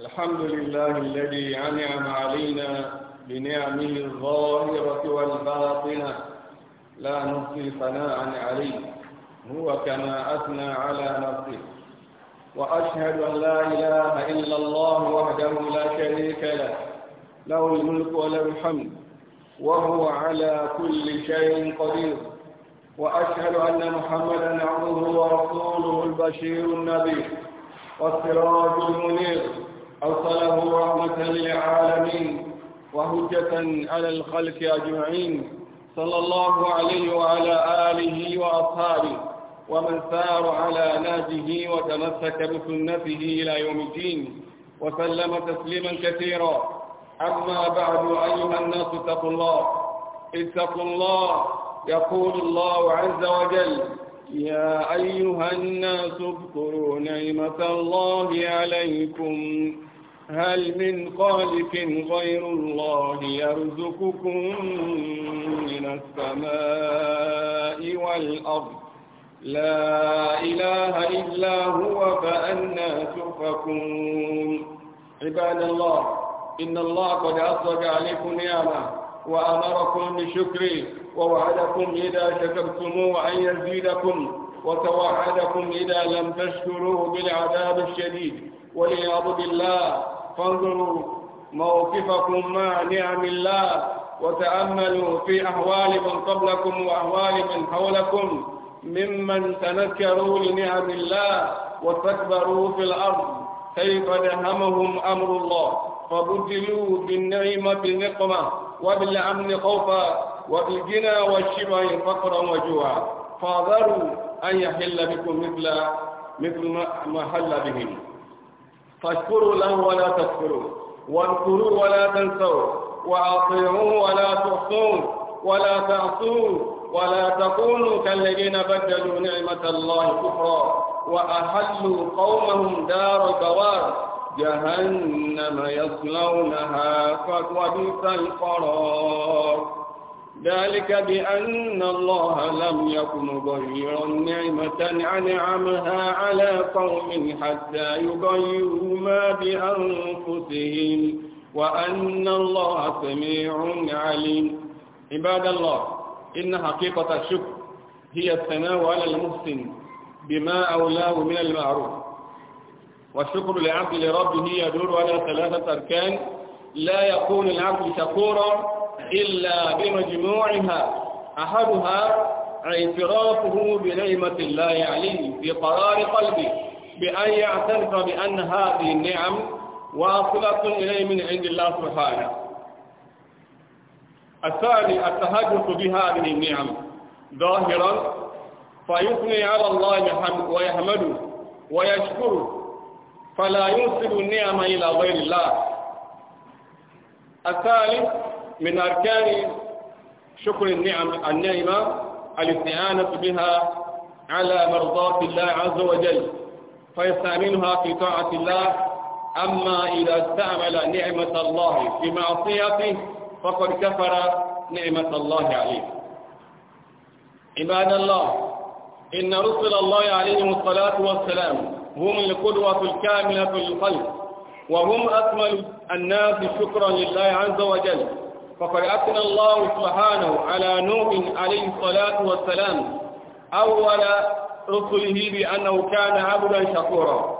الحمد لله الذي أنعم علينا بنعمه الظاهرة والباطنة لا نحصي ثناء عليه هو كما أثنى على نفسه وأشهد أن لا إله إلا الله وحده لا شريك له له الملك وله الحمد وهو على كل شيء قدير وأشهد أن محمدا عبده ورسوله البشير النبي والسراج المنير أرسله رحمة للعالمين وهجة على الخلق أجمعين صلى الله عليه وعلى آله وأصحابه ومن سار على نهجه وتمسك بسنته إلى يوم الدين وسلم تسليما كثيرا أما بعد أيها الناس اتقوا الله اتقوا الله يقول الله عز وجل يا أيها الناس اذكروا نعمة الله عليكم هل من خالق غير الله يرزقكم من السماء والأرض لا إله إلا هو فأنا تؤفكون عباد الله إن الله قد أصدق عليكم نعمة وأمركم بشكره ووعدكم إذا شكرتموه أن يزيدكم وتوعدكم إذا لم تشكروه بالعذاب الشديد والعياذ الله فانظروا موقفكم مع نعم الله وتأملوا في أهوال من قبلكم وأحوال من حولكم ممن تنكروا لنعم الله واستكبروا في الأرض كيف دهمهم أمر الله فبدلوا بالنعمة بالنقمة وبالأمن خوفا والغنى والشبع فقرا وجوعا فاذروا أن يحل بكم مثل مثل ما حل بهم فاشكروا له ولا تشكروا واذكروا ولا تنسوا وأطيعوه ولا تحصوه ولا تعصوه ولا تكونوا كالذين بدلوا نعمة الله كفرا وأحلوا قومهم دار البوار جهنم يصلونها فبئس القرار ذلك بأن الله لم يكن مغيرا نعمة أنعمها على قوم حتى يغيروا ما بأنفسهم وأن الله سميع عليم عباد الله إن حقيقة الشكر هي الثناء على المحسن بما أولاه من المعروف والشكر لعبد لربه يدور على ثلاثة أركان لا يكون العبد شكورا إلا بمجموعها أحدها اعترافه بنعمة الله عليه بقرار قلبه بأن يعترف بأن هذه النعم واصلة إليه من عند الله سبحانه الثاني التهجس بهذه النعم ظاهرا فيثني على الله ويحمده ويشكره فلا ينسب النعم إلى غير الله الثالث من أركان شكر النعم النعمة الاستعانة بها على مرضاة الله عز وجل فيستعملها في طاعة الله أما إذا استعمل نعمة الله في معصيته فقد كفر نعمة الله عليه عباد الله إن رسل الله عليهم الصلاة والسلام هم القدوة الكاملة للخلق وهم أكمل الناس شكرا لله عز وجل فقد أثنى الله سبحانه على نوح عليه الصلاة والسلام أول رسله بأنه كان عبدا شكورا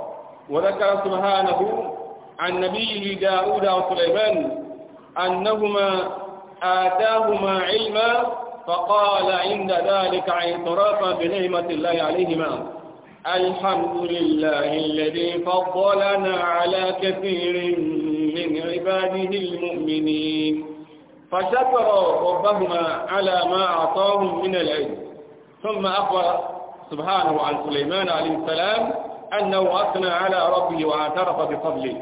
وذكر سبحانه عن نبيه داود وسليمان أنهما آتاهما علما فقال عند ذلك اعترافا بنعمة الله عليهما الحمد لله الذي فضلنا على كثير من عباده المؤمنين فشكر ربهما على ما أعطاهم من العلم ثم أخبر سبحانه عن سليمان عليه السلام أنه أثنى على ربه واعترف بفضله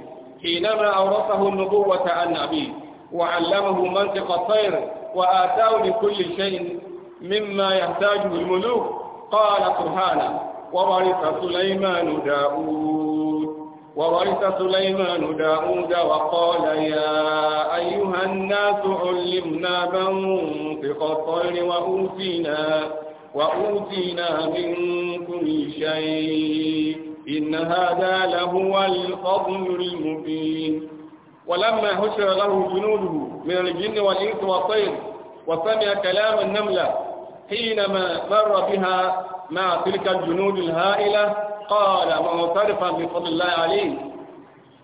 حينما أورثه النبوة عن أبيه وعلمه منطق الطير وآتاه لكل شيء مما يحتاجه الملوك قال سبحانه وورث سليمان داود وورث سليمان داود وقال يا أيها الناس علمنا منطق الطير وأوتينا, وأوتينا من كل شيء إن هذا لهو الفضل المبين ولما هشر له جنوده من الجن والإنس والطير وسمع كلام النملة حينما مر بها مع تلك الجنود الهائلة قال معترفا بفضل الله عليه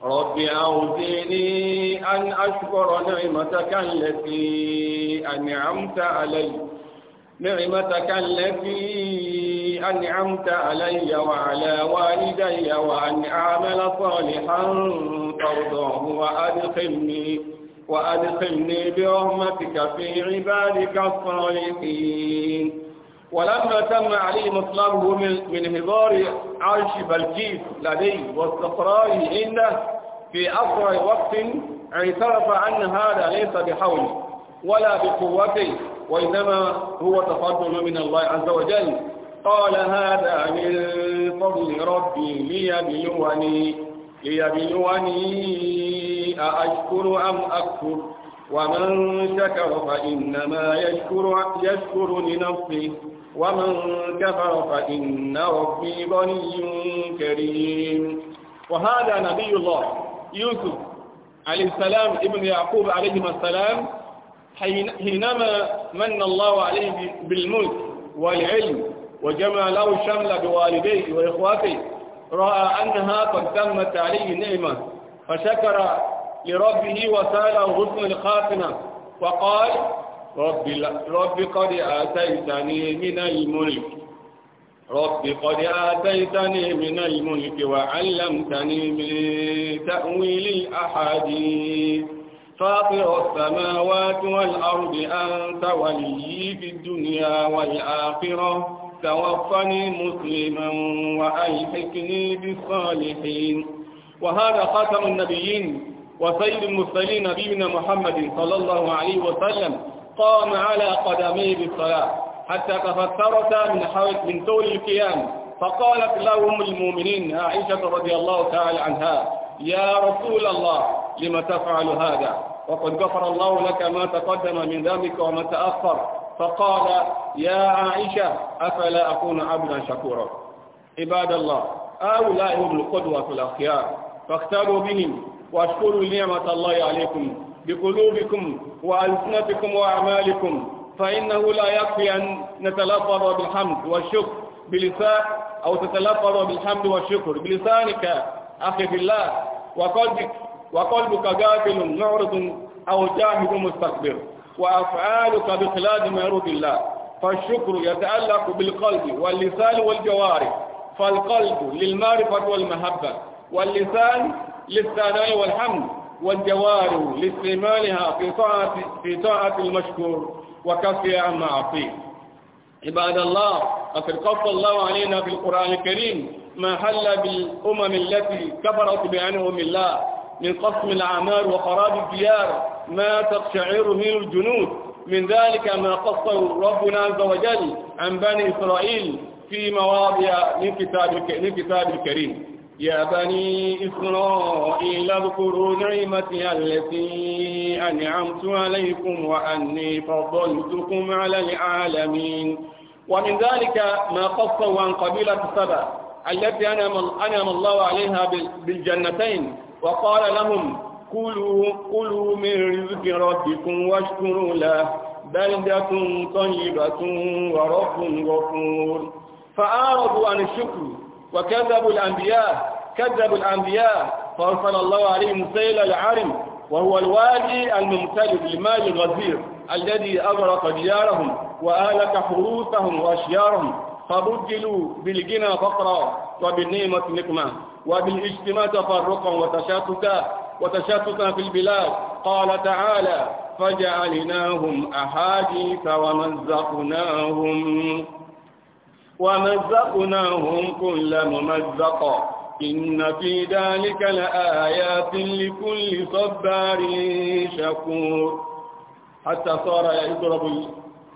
رب أوزعني أن أشكر نعمتك التي أنعمت علي نعمتك التي أنعمت علي وعلى والدي وأن أعمل صالحا ترضاه وأدخلني وأدخلني برحمتك في عبادك الصالحين ولما تم عليهم مطلبه من هزار عرش بلقيس لديه واستقراره عنده في أسرع وقت اعترف أن هذا ليس بحوله ولا بقوته وإنما هو تفضل من الله عز وجل قال هذا من فضل ربي ليبلوني ليبلوني أأشكر أم أكفر ومن شكر فإنما يشكر, يشكر لنفسه ومن كفر فإن ربي غني كريم وهذا نبي الله يوسف عليه السلام ابن يعقوب عليهما السلام حينما من الله عليه بالملك والعلم وجمع له الشمل بوالديه وإخواته رأى أنها قد تمت عليه نعمة فشكر لربه وساله غصن الخاتمة وقال رب, رب قد آتيتني من الملك رب قد آتيتني من الملك وعلمتني من تأويل الأحاديث فاطر السماوات والأرض أنت ولي في الدنيا والآخرة توفني مسلما وألحقني بالصالحين وهذا خاتم النبيين وسيد المرسلين نبينا محمد صلى الله عليه وسلم قام على قدميه بالصلاة حتى تفترت من حول من طول القيام فقالت لهم المؤمنين عائشة رضي الله تعالى عنها يا رسول الله لم تفعل هذا وقد غفر الله لك ما تقدم من ذنبك وما تأخر فقال يا عائشة أفلا أكون عبدا شكورا عباد الله هؤلاء هم القدوة الأخيار فاختاروا بهم واشكروا نعمة الله عليكم بقلوبكم وألسنتكم وأعمالكم فإنه لا يكفي أن نتلفظ بالحمد والشكر بلسان أو تتلفظ بالحمد والشكر بلسانك أخي في الله وقلبك وقلبك قابل معرض أو جاهد مستكبر وأفعالك بخلاف ما يرضي الله فالشكر يتألق بالقلب واللسان والجوارح فالقلب للمعرفة والمحبة واللسان للثناء والحمد والجوار لاستعمالها في طاعة, في طاعة المشكور وكفي عن معصيه عباد الله لقد قص الله علينا في القرآن الكريم ما حل بالأمم التي كفرت بأنهم الله من قسم الأعمال وخراب الديار ما تقشعر منه الجنود من ذلك ما قصه ربنا عز وجل عن بني إسرائيل في مواضع من كتاب الكريم يا بني إسرائيل اذكروا نعمتي التي أنعمت عليكم وأني فضلتكم على العالمين ومن ذلك ما قصوا عن قبيلة سبا التي أنعم الله عليها بالجنتين وقال لهم كلوا, كلوا من رزق ربكم واشكروا له بلدة طيبة ورب غفور فأعرضوا عن الشكر وكذبوا الأنبياء كذبوا الأنبياء فأرسل الله عليهم سيل العرم وهو الوادي الممتلئ بالمال الغزير الذي أغرق ديارهم وأهلك حروسهم وأشيارهم فبدلوا بالجنى فقرا وبالنعمة نقمة وبالاجتماع تفرقا وتشاتتا وتشاتتا في البلاد قال تعالى فجعلناهم أحاديث ومزقناهم ومزقناهم كل ممزق إن في ذلك لآيات لكل صبار شكور حتى صار يضرب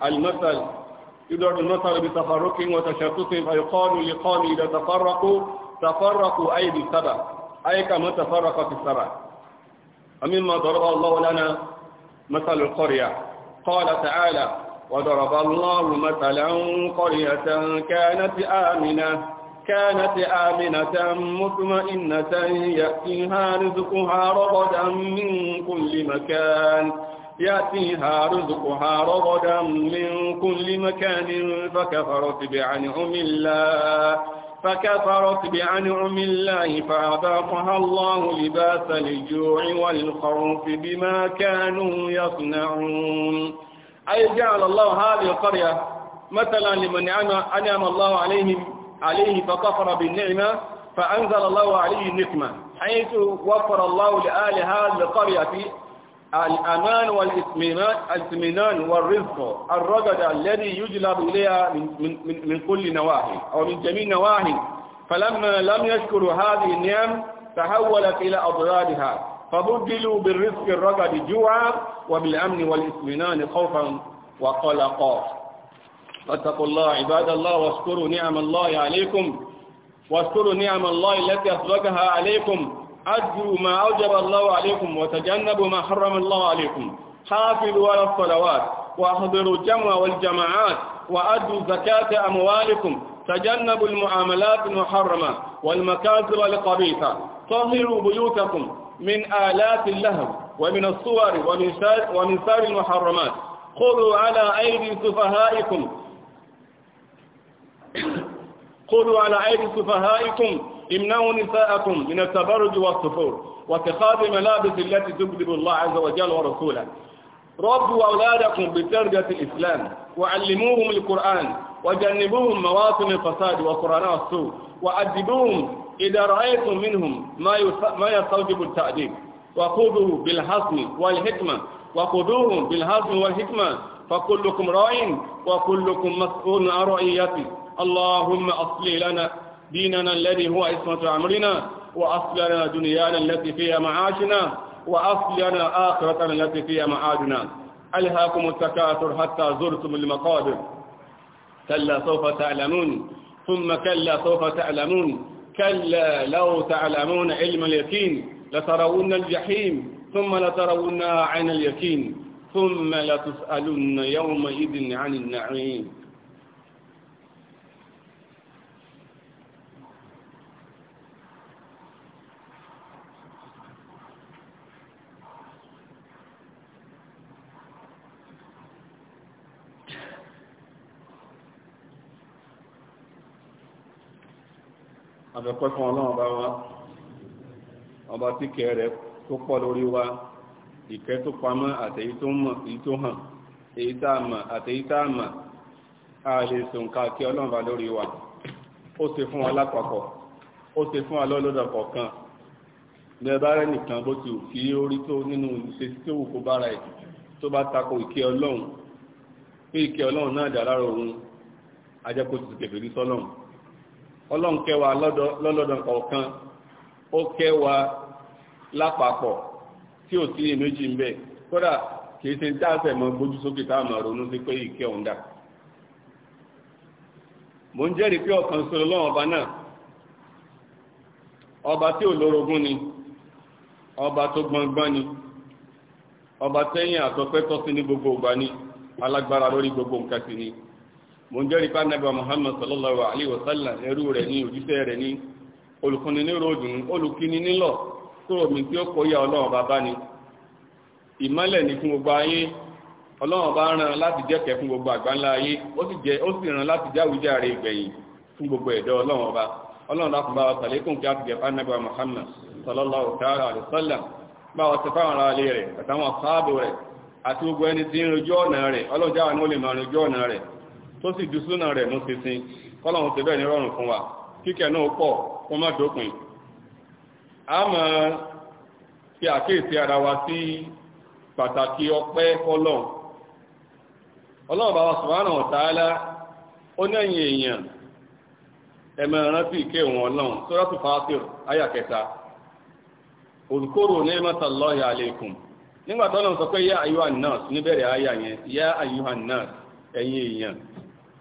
المثل يضرب المثل بتفرق وتشتت فيقال لقوم إذا تفرقوا تفرقوا أي بالسبع أي كما تفرق في السبع ومما ضرب الله لنا مثل القرية قال تعالى وضرب الله مثلا قرية كانت آمنة كانت آمنة مطمئنة يأتيها رزقها رغدا من كل مكان يأتيها رزقها رغدا من كل مكان فكفرت بعنعم الله فكفرت بعنعم الله فأذاقها الله لباس الجوع والخوف بما كانوا يصنعون أي جعل الله هذه القرية مثلا لمن أنعم الله عليهم عليه فكفر بالنعمة فأنزل الله عليه النقمة حيث وفر الله لأهل هذه القرية الأمان والإثمنان والرزق الرجل الذي يجلب إليها من, من, من كل نواحي أو من جميع نواحي فلما لم يشكروا هذه النعم تحولت إلى أضرارها فبدلوا بالرزق الرغد جوعا وبالأمن والاطمئنان خوفا وقلقا فاتقوا الله عباد الله واشكروا نعم الله عليكم واشكروا نعم الله التي اسبقها عليكم أجروا ما أوجب الله عليكم وتجنبوا ما حرم الله عليكم حافظوا على الصلوات واحضروا الجمع والجماعات وأدوا زكاة أموالكم تجنبوا المعاملات المحرمة والمكاسب القبيحه طهروا بيوتكم من آلات اللهو ومن الصور ومن ومن سائر المحرمات خذوا على أيدي سفهائكم خذوا على أيدي سفهائكم امنعوا نساءكم من التبرج والسفور واتخاذ ملابس التي تكذب الله عز وجل ورسوله ربوا أولادكم بتربية الإسلام وعلموهم القرآن وجنبوهم مواطن الفساد وقرآن السوء وأدبوهم إذا رأيتم منهم ما يستوجب التأديب وخذوا بالحسن والحكمة وخذوهم بالحسن والحكمة فكلكم راع وكلكم مسؤول عن رعيته اللهم أصلح لنا ديننا الذي هو عصمة أمرنا وأصلح لنا دنيانا التي فيها معاشنا وأصلح لنا آخرتنا التي فيها معادنا ألهاكم التكاثر حتى زرتم المقابر كلا سوف تعلمون ثم كلا سوف تعلمون كلا لو تعلمون علم اليقين لترون الجحيم ثم لترونها عين اليقين ثم لتسألن يومئذ عن النعيم àtọ́pẹ́ fún ọlọ́run bá wá ọba tí kẹ rẹ̀ tó pọ̀ lórí wa ìkẹ́ tó pamọ́ àtẹ̀yí tó mọ̀ èyí tó hàn èyí tá a mọ̀ àtẹ̀yí tá a mọ̀ a lè sùn ká kí ọlọ́run bá lórí wa ó ṣe fún wa lápapọ̀ ó ṣe fún wa lọ́lọ́dọ̀ kọ̀ọ̀kan bẹ́ẹ̀ bá rẹ̀ nìkan bó ti kí orí tó nínú ìṣe tí wù kó bára ẹ̀ tó bá tako ìkẹ́ ọlọ́run pé ìkẹ́ ọlọ́run náà dà lára òun ajẹ́kó ti kẹfẹ́ rí sọ́lọ́run ọlọ́run kẹwàá lọ́lọ́dọ̀ ọ̀kan ó kẹwàá lápapọ̀ tí ò sí méjì ń bẹ kódà kìí ṣe dáàfẹ̀ mọ́ gbójú sókè táàmà ronú sí pé ìkẹ́ òun mo ń jẹ́rìí ọ̀kan ọba náà ọba ni ọba tó gbọngbọ́n ni ọba tẹ́yìn gbogbo ìgbà ni alágbára gbogbo nǹkan ni mo ń jẹ́rìí pa nẹ́bà Muhammad sallallahu alaihi wasallam ẹrú rẹ̀ ní òjíṣẹ́ rẹ̀ ní olùkúnni ní ròdùn olùkíni nílọ̀ kúrò mi tí ó kóyà ọlọ́run ìmọ́lẹ̀ ní fún gbogbo ayé ọlọ́run bá rán láti jẹ́kẹ̀ fún gbogbo àgbáńlá ayé ó sì rán láti ìgbẹ̀yìn fún gbogbo ẹ̀dọ́ ọlọ́run tó sì ju súnà rẹ̀ mú ṣinṣin kọ́lọ́hún ti bẹ́ẹ̀ ní rọrùn fún wa kíkẹ́ náà pọ̀ kó má dópin a mọ̀ fi ara wa sí pàtàkì ọpẹ́ kọ́lọ́hún ọlọ́run bá wa subhanahu wa ta'ala ó ní ẹ̀yìn èèyàn ìké wọn ọlọ́run suratu Fatir àyà kẹta òdùkóró ní matallahi alaykum nígbà tọ́lọ́run sọ pé yá níbẹ̀rẹ̀ àyà yẹn yá ẹ̀yìn èèyàn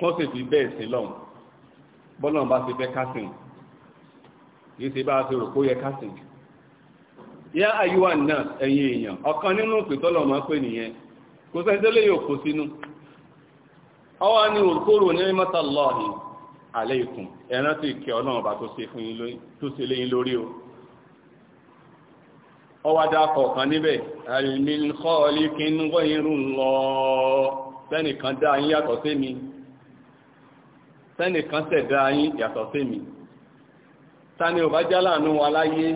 kọ́ sì fi bẹ́ẹ̀ sí lọ́hùn bọ́lọ́n bá ti fẹ́ kásìn yìí ṣe bá ti rò kó yẹ kásìn yá àyíwá náà ẹ̀yìn èèyàn ọ̀kan nínú ìpìtọ́lọ̀ máa pè nìyẹn kò sẹ́ńtẹ́lẹ̀ yóò kó sínú ọwọ́ ni òkúrò ní mọ́tà lọ́ọ̀hìn àléìkùn ẹran tí ìkẹ́ ọlọ́run bá tó ṣe fún yín tó ṣe léyìn lórí o ọwádá kọ̀ọ̀kan níbẹ̀ alìmìnkọ́ ọlíkín wọ́n irú lọ sẹ́nìkan dá yín yàtọ̀ sí mi tẹ́nìkan kan yín yàtọ̀ sẹ́mi tani ò bá jálàánú wa láyé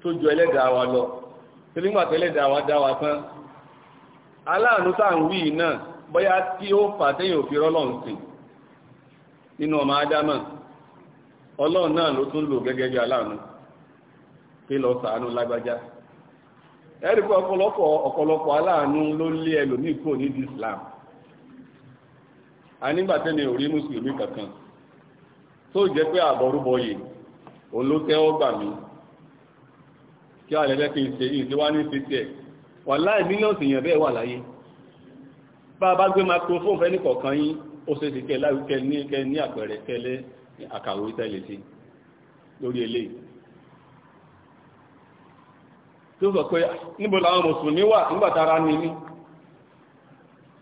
tó ju ẹlẹ́dàá wa lọ tẹ́lẹ́gbàtí ẹlẹ́dàá wa dá wa tán aláàánú sáàwí náà bóyá tí ó fà tẹ́yìn òfin rọ́lọ́run sí nínú ọmọ adámà ọlọ́run náà ló tún lò gẹ́gẹ́ bí aláàánú pé lọ lágbájá Islam a nígbà tẹ́lẹ̀ orí mùsùlùmí kankan tó jẹ́ pé àbọ̀rúbọyè òun ló tẹ́wọ́ gbà mí kí a lẹ́lẹ́ kí n ṣe yìí tí wá ní ṣe tiẹ̀ wà láì mílíọ̀nù èèyàn bẹ́ẹ̀ wà láyé bá a bá gbé microphone fẹ́ ní kọ̀ọ̀kan yín ó ṣe ti kẹ́ láì kẹ́ ní kẹ́ ní àpẹẹrẹ kẹ́lẹ́ àkàwé ah, ní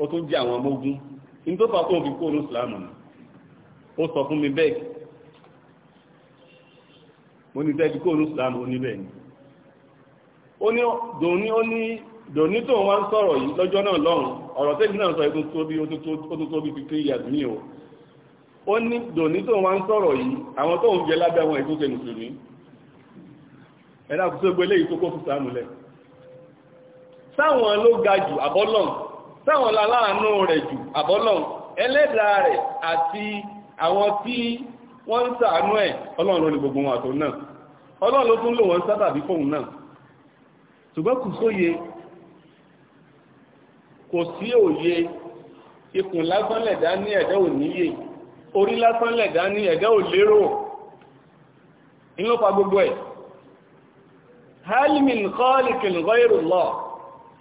ó tún jẹ́ àwọn ọmọ ogun ní tó fàkó òfin kó ní ìsìlámù ni ó sọ fún mi bẹ́ẹ̀ mo ní tẹ́jú kó ní ìsìlámù ó ní bẹ́ẹ̀ ni ó ní dòní ó ní dòní tó wá ń sọ̀rọ̀ yìí lọ́jọ́ náà lọ́rùn ọ̀rọ̀ tẹ́jú náà sọ ètò tóbi ó tó tóbi fifteen years ní o ó ní dòní tó wá sọ̀rọ̀ yìí àwọn tó ń jẹ lábẹ́ àwọn ètò ṣe mùsùlùmí ẹ̀dá kùsọ́ gbélé yìí tó kó fún sàmùlẹ̀ sáwọn ló ga jù àbọ́lọ́n sáwọn láàánú rẹ̀ jù àbọ́lọ́n ẹlẹ́dàá rẹ̀ àti àwọn tí wọ́n ń ṣàánú ẹ̀ ọlọ́run ní gbogbo wọn àtò náà ọlọ́run ló tún lò wọ́n sábàbí fóun náà ṣùgbọ́n kò sóye kò sí òye ikùn lásán ní ẹ̀dá ò níyè orí lásán ní ẹ̀dá ò lérò inú gbogbo ẹ̀ halimin khaliqin ghayru Allah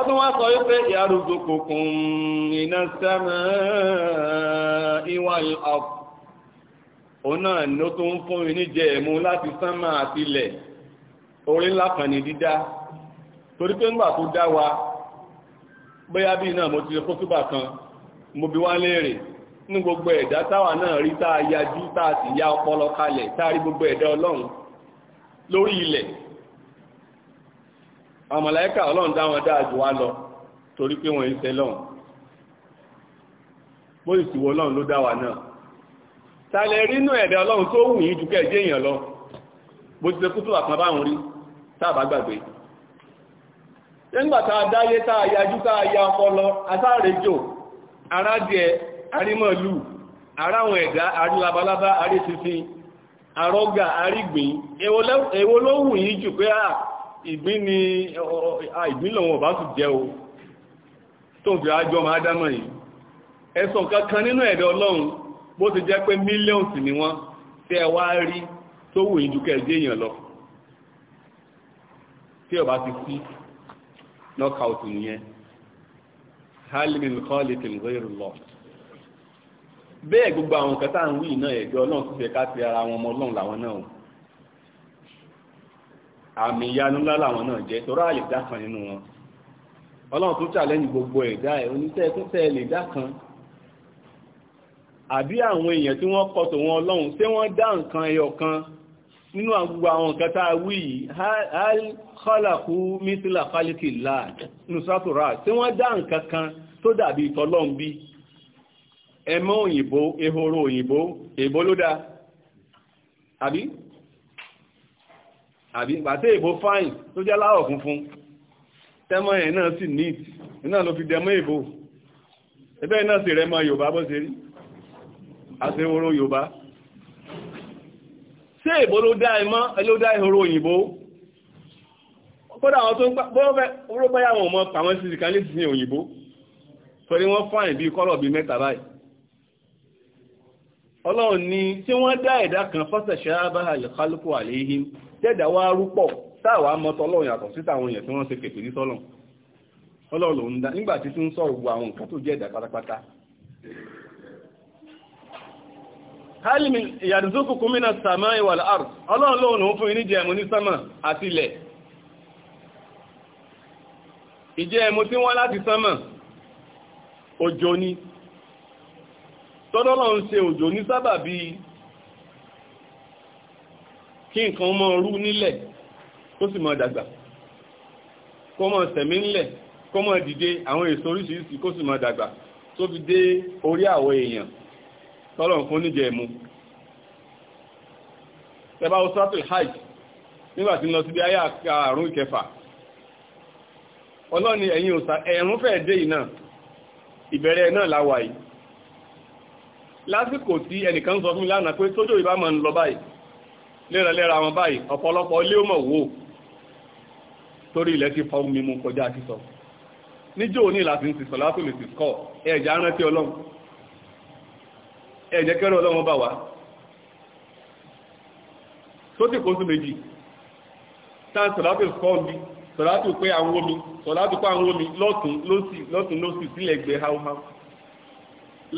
ọdún wá sọ wípé ìyàrùgbò kòkùn iná sẹ́mọ̀ ìwà ìlọ́pù òun náà ni ó tó ń fún ìníjẹ ẹ̀mú láti sánmà àti ilẹ̀ orí ńlá kan ní dídá torí pé ńgbà tó dá wa bóyá bí náà mo ti rẹ kókúbà kan mo bi wá léèrè ní gbogbo ẹ̀dá táwa náà rí tá a yajú sì ya ọpọlọ kalẹ̀ tá rí gbogbo ẹ̀dá ọlọ́run lórí ilẹ̀ àwọn màláíkà ọlọ́run dá wọn dáa jù wá lọ torí pé wọ́n ń ṣe lọ́hùn bóyì sí wo ọlọ́run ló dá wa náà tàlẹ̀ rínú ẹ̀dẹ̀ ọlọ́run tó wù yín jù kẹ́ẹ̀jẹ́ èèyàn lọ bó ti sekú tó àpá báwọn rí táàbà gbàgbé nígbàtà dáyé táa ya ọpọlọ asáàrẹjò arájẹ arímọ̀lú aráwọn ẹ̀dá arí labalábá arí sísin arọ́gà arígbìn èwo ló wù yín jù pé ah, ìgbín ni ìgbín lòun ọ̀bá sì jẹ́ o tó ń fi àjọ ọmọ ádámọ̀ yìí ẹ̀sùn kankan nínú ẹ̀dẹ̀ ọlọ́run bó ti jẹ́ pé mílíọ̀nsì ni wọ́n tí ẹ wá rí tó wù ní dúkẹ́ dé èèyàn lọ tí ọba ti sí knockout nìyẹn halimin kọ́lìtìn rírù lọ bẹ́ẹ̀ gbogbo àwọn kẹta ń wí náà ẹ̀dẹ̀ ọlọ́run ti fẹ́ ká ti ara wọn ọmọ ọlọ́run làwọn náà àmì ìyanu ńlá làwọn náà jẹ́ torá àyè dá kan nínú wọn ọlọ́run tún challenge gbogbo ẹ̀dá ẹ̀ oníṣẹ́ tún tẹ́ lè dá kan àbí àwọn èèyàn tí wọ́n kọtò wọn ọlọ́run ṣé wọ́n dá nǹkan ẹyọ kan nínú gbogbo àwọn nǹkan tá al khalaqu mithla khalqi llah nínú sátòrà ṣé wọ́n dá nǹkan kan tó dàbí ìtọ́lọ́run bí ẹmọ òyìnbó ehoro òyìnbó èbó ló dá àbí àbí ìgbàtẹ́ ìbò fáìn tó jẹ́ láwọ̀ funfun tẹ́mọ́ ẹ̀ náà sì ní iná ló fi dẹmọ́ ìbò ẹbẹ́ náà sì rẹmọ Yorùbá bó ṣe rí àṣeworo Yorùbá ṣé ìbò ló dá ẹmọ́ ló dá ìhoro òyìnbó kódà àwọn tó ń gbọ́ọ̀fẹ́ àwọn ọmọ pàwọn sí ìkàlẹ̀ sí òyìnbó torí wọ́n fáìn bí kọ́lọ̀ bí mẹ́ta báyìí Ọlọ́run ni tí wọ́n dá ẹ̀dá kan fọ́sẹ̀ ṣe ábáhà àléhìn tẹ́ẹ̀dá wá rúpọ̀ sáàwá mọ́tọ́ ọlọ́run síta sí èèyàn tí wọ́n ṣe sọ́lọ̀ ọlọ́run ń dá tí àwọn nǹkan tó jẹ́ ẹ̀dá pátápátá ìyàdùsókù kúmínà ìwà àrùn ní sánmà àti ilẹ̀ tí wọ́n ni kí nǹkan mọ́ rú nílẹ̀ kó sì mọ́ dàgbà kó mọ́ sẹ̀mí nílẹ̀ kó mọ́ dìde àwọn èso oríṣiríṣi kó sì mọ́ dàgbà tó fi dé orí àwọ̀ èèyàn tọ́lọ̀ fún níjẹ̀ mú tẹba osratul hajj nígbàtí lọ sí bí ayé àrùn ìkẹfà ọlọ́ni ẹ̀yìn òsà ẹ̀rùn fẹ́ dé ìná ìbẹ̀rẹ̀ náà láwàá yìí lásìkò tí ẹnìkan sọ fún mi lánàá pé tójò ìbá máa ń lọ báyìí léraléra wọn báyìí ọ̀pọ̀lọpọ̀ ilé ó mọ̀ wò torí ilẹ̀ ti fa omi mu kọjá ti sọ níjó òní láti ń ti sọ látò lè ti kọ́ ẹ̀já rántí ọlọ́run ẹ̀jẹ̀ kẹ́rọ ọlọ́run bá wá tó ti kóso méjì tán sọ̀látò kọ́ mi sọ̀látò pé àwọn omi sọ̀látò pé àwọn omi lọ́tún lọ́sì lọ́tún lọ́sì sílẹ̀ gbé háúháú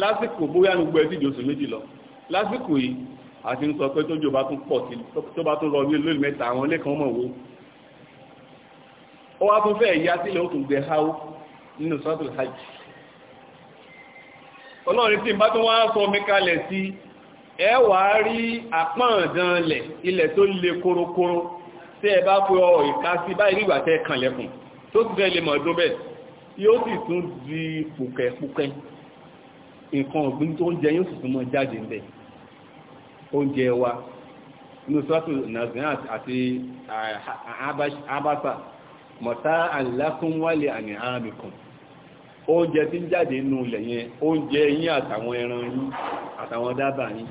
lásìkò bóyá gbogbo ẹ̀ sì jòsùn méjì lọ lásìkò yìí a ti ń sọ pé tójò bá tún pọ̀ sí tó bá tún rọ ní olóòlù mẹ́ta àwọn ilé kan mọ̀ wo ó wá tún fẹ́ ìyá sílẹ̀ ó tún gbẹ háwó nínú sọ́tò hajj ọlọ́run tí bá tún wá sọ mi kalẹ̀ sí ẹ wà á rí àpáǹdanlẹ̀ ilẹ̀ tó le korokoro tí ẹ bá pe ọ ìka sí báyìí nígbà tẹ́ kànlẹ̀kùn tó ti fẹ́ lè mọ̀ ọdún bẹ́ẹ̀ yóò sì tún di pùkẹ́pùkẹ́ nǹkan ọ̀gbìn tó ń jẹ yóò sì tún mọ jáde bẹ́ẹ̀ oúnjẹ wa inú sọ́tù nazirat àti abasa mọ̀tá àlákún wálé àní àmìkan oúnjẹ tí ń jáde nínú ilẹ̀ yẹn oúnjẹ yín àtàwọn ẹran yín àtàwọn dábàá yín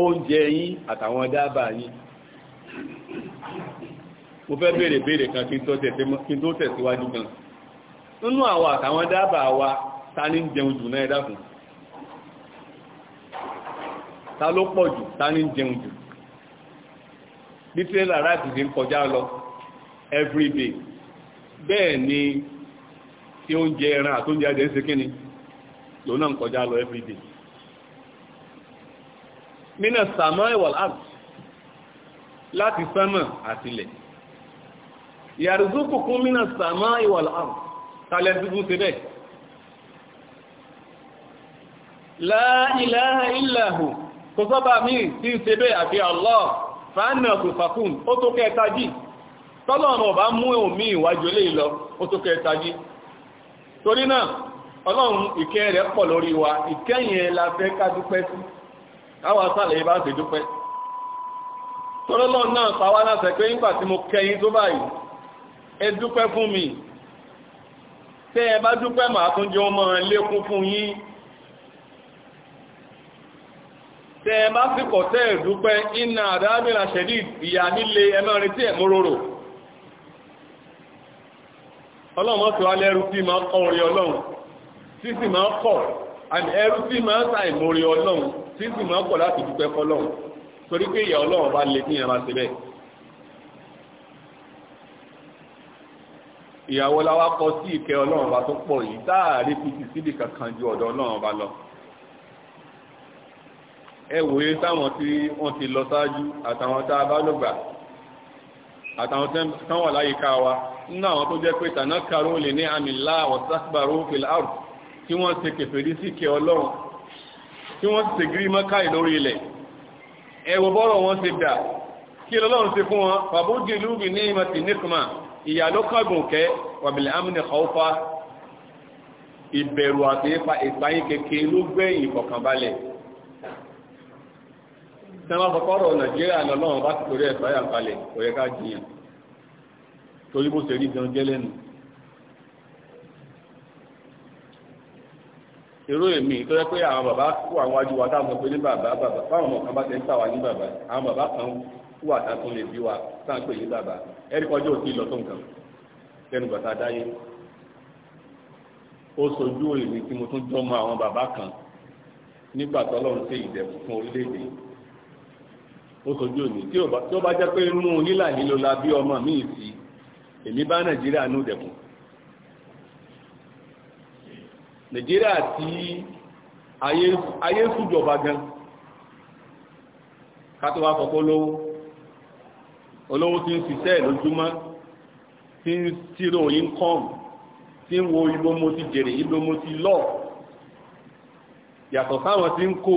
oúnjẹ yín àtàwọn dábàá yín mo fẹ́ béèrè béèrè kan kí tó tẹ̀síwájú gan nínú àwọn àtàwọn dábàá wa ta ní jẹun jù náà ẹ ta ló pọ̀ jù ta ní jẹun jù bí tírélà ráàdì ti ń kọjá lọ everyday bẹ́ẹ̀ ni tí oúnjẹ ẹran àtóúnjẹ ajẹ́ ń ṣe kíni lòun náà ń kọjá lọ everyday nínú sàmọ́ ìwọ̀l àbù láti sánmà àtìlẹ̀ yàrùzúkùkún mínà sàmọ́ ìwọ̀l àbù tàlẹ̀ dúdú ti bẹ́ẹ̀ la ilaha kò sọ́bà míì tí ń ṣe bẹ́ àfi Allah fàánà kò fàkún ó tó kẹta jí tọ́lọ́run ọ̀bá mú omi ìwájú ilé ìlọ ó tó kẹta jí torí náà ọlọ́run ìkẹ́ rẹ̀ pọ̀ lórí wa ìkẹ́yìn la fẹ́ ká sí káwa sálẹ̀ bá ṣe dúpẹ́ tọ́lọ́run tẹ ẹ má sì kọ̀ tẹ́ ẹ̀dúpẹ́ iná àdáàbìnà ṣẹ̀dí ìyà nílé ẹmọ́rin tí ẹ̀mọ́rọ̀rọ̀ ọlọ́run ti wá lẹ́rú tí máa kọ́ orí ọlọ́run tí sì máa kọ̀ ẹrú tí máa ta ìmórí ọlọ́run tí sì máa kọ̀ láti dúpẹ́ fọlọ́run torí pé ìyà ọlọ́run bá lè kíyàn ẹ wòye sáwọn tí wọ́n ti lọ sáájú àtàwọn tá a bá lọ́gbà àtàwọn tán wà láyìíká wa nínú àwọn tó jẹ́ pé tànà karó lè ní àmì láàwọ̀ sáàbàrò fìlàrù tí wọ́n ṣe kèfèrí sí kẹ ọlọ́run tí wọ́n ṣe gírí mọ́ká ìlórí ilẹ̀ ẹ wo bọ́rọ̀ wọn ṣe dà kí ọlọ́run ṣe fún wọn fàbójì lúbi ní ìmọ̀tì nìkùmà ìyà kọ́gùn kẹ́ wàbìlẹ̀ amúnì kọ́ọ́fà ìbẹ̀rù àti ìpa ìpáyín kékeré ló gbẹ̀yìn ìfọ̀kànbalẹ̀ tí wọ́n bọ́ kọ́rọ̀ nàìjíríà lọ́lọ́run bá ti torí ẹ̀ fáyà kalẹ̀ kò yẹ ká jiyàn torí bó ṣe rí gan jẹ́ lẹ́nu irú èmi tó yẹ pé àwọn bàbá kú àwọn wájú wa táwọn pé ní bàbá bàbá fáwọn ọmọ kan bá ti ń tà wá ní bàbá àwọn bàbá kan kú àtàkùn lè bí wa táwọn pè ní bàbá ẹ̀rí kọjá òsì lọ tó nǹkan lẹ́nu gbàtà dáyé ó sojú èmi tí mo tún jọmọ àwọn bàbá kan nígbà tọ́lọ́run ṣe ìdẹ̀kùn fún orílẹ̀ yìí ó sojú òní tí ó bá jẹ́ pé inú nílà nílò la bí ọmọ míì sí èmi bá nàìjíríà nù dẹ̀kùn nàìjíríà tí ayé ń sújọba gan kátó wá kọ́kọ́ lówó olówó tí ń ṣiṣẹ́ lójúmọ́ tí ń tíró income tí ń wo ibo mo ti jèrè ibo mo ti lọ yàtọ̀ sáwọn tí ń kó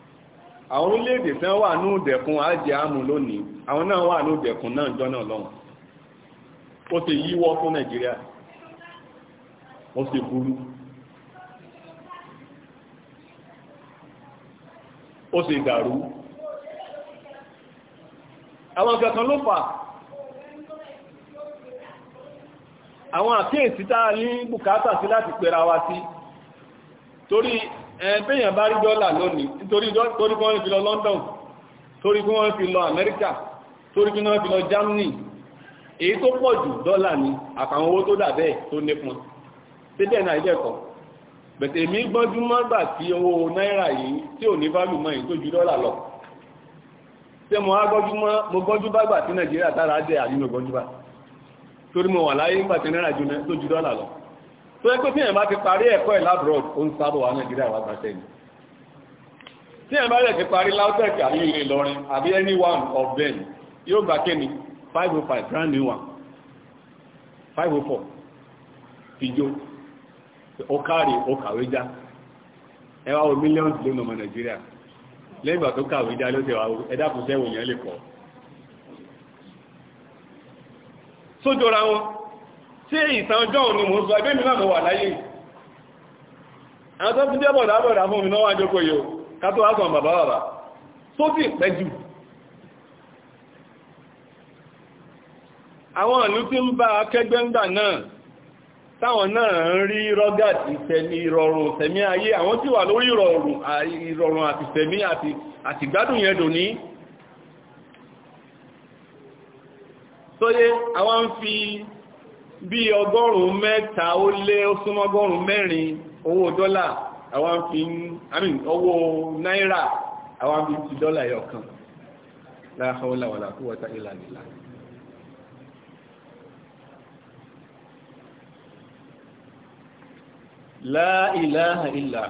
àwọn orílẹ̀-èdè tán wà ní ìdẹ̀kùn ajé àmú lónìí àwọn náà wà ní ìdẹ̀kùn náà jọ́nà lọ́wọ́n ó ti yíwọ́ fún nigeria ó ti burú ó ti dàrú àwọn kankan ló fà àwọn àkíyèsí tá ní bùkátà sí láti pera wa sí torí ẹ̀ẹ́bẹ̀yàn bá rí dọ́là lónìí torí kí wọ́n fi lọ London torí kí wọ́n fi lọ America torí kí wọ́n fi lọ Germany èyí tó pọ̀ jù dọ́là ni àtàwọn owó tó dàbẹ́ tó nípọn tẹ́tẹ́ náà ìdẹ́kọ̀ bẹ̀tẹ̀ èmi gbọ́njú mọ́gbà tí owó náírà yìí tí ò ní válù mọ́ èyí tó ju dọ́là lọ tí mo gbọ́njú bá gbà tí Nàìjíríà tára jẹ́ àdínú gbọ́njú bá torí mo wà láyé nígbà tí náírà tó ju dọ́là lọ tó yẹ pé tí èèyàn bá ti parí ẹ̀kọ́ ẹ̀ lábúrọ̀d ó ń sábọ̀ wà nàìjíríà wà gbàṣẹ́ ni tí èèyàn bá rẹ̀ ti parí LAUTECH àbí ilé àbí any one of them yóò gbà kéni 505 brand new one 504 ìjó ọkàrí ọkàwé já ẹ wá wo millions lónà ọmọ nàìjíríà lẹ́gbà tó kàwé já ló tẹ̀wà ẹ̀dàkùnṣẹ́ ìwòyàn lè kọ́ sójọra wọn tí ìtàn ọjọ́ òní mò ń sọ ẹgbẹ́ mi náà wà láyé àwọn tó ti jẹ́ bọ̀dá bọ̀dá fún mi náà wájọ́ kò yóò kátó wá sọ bàbá bàbá tó sì pẹ́ jù àwọn ìlú tí ń bá akẹgbẹ́ ńgbà náà táwọn náà ń rí rọ́gàtì tẹ̀lé ìrọ̀rùn tẹ̀mí ayé àwọn tí wà lórí ìrọ̀rùn àti tẹ̀mí àti gbádùn yẹn dòní tóyé àwọn ń fi bí ọgọ́rùn-ún mẹ́ta ó lé ó súnmọ́ ọgọ́rùn-ún mẹ́rin owó dọ́là àwọn fi ń àmì owó náírà àwọn fi ti dọ́là ẹyọkan la hawla wala quwwata illa la ilaha illa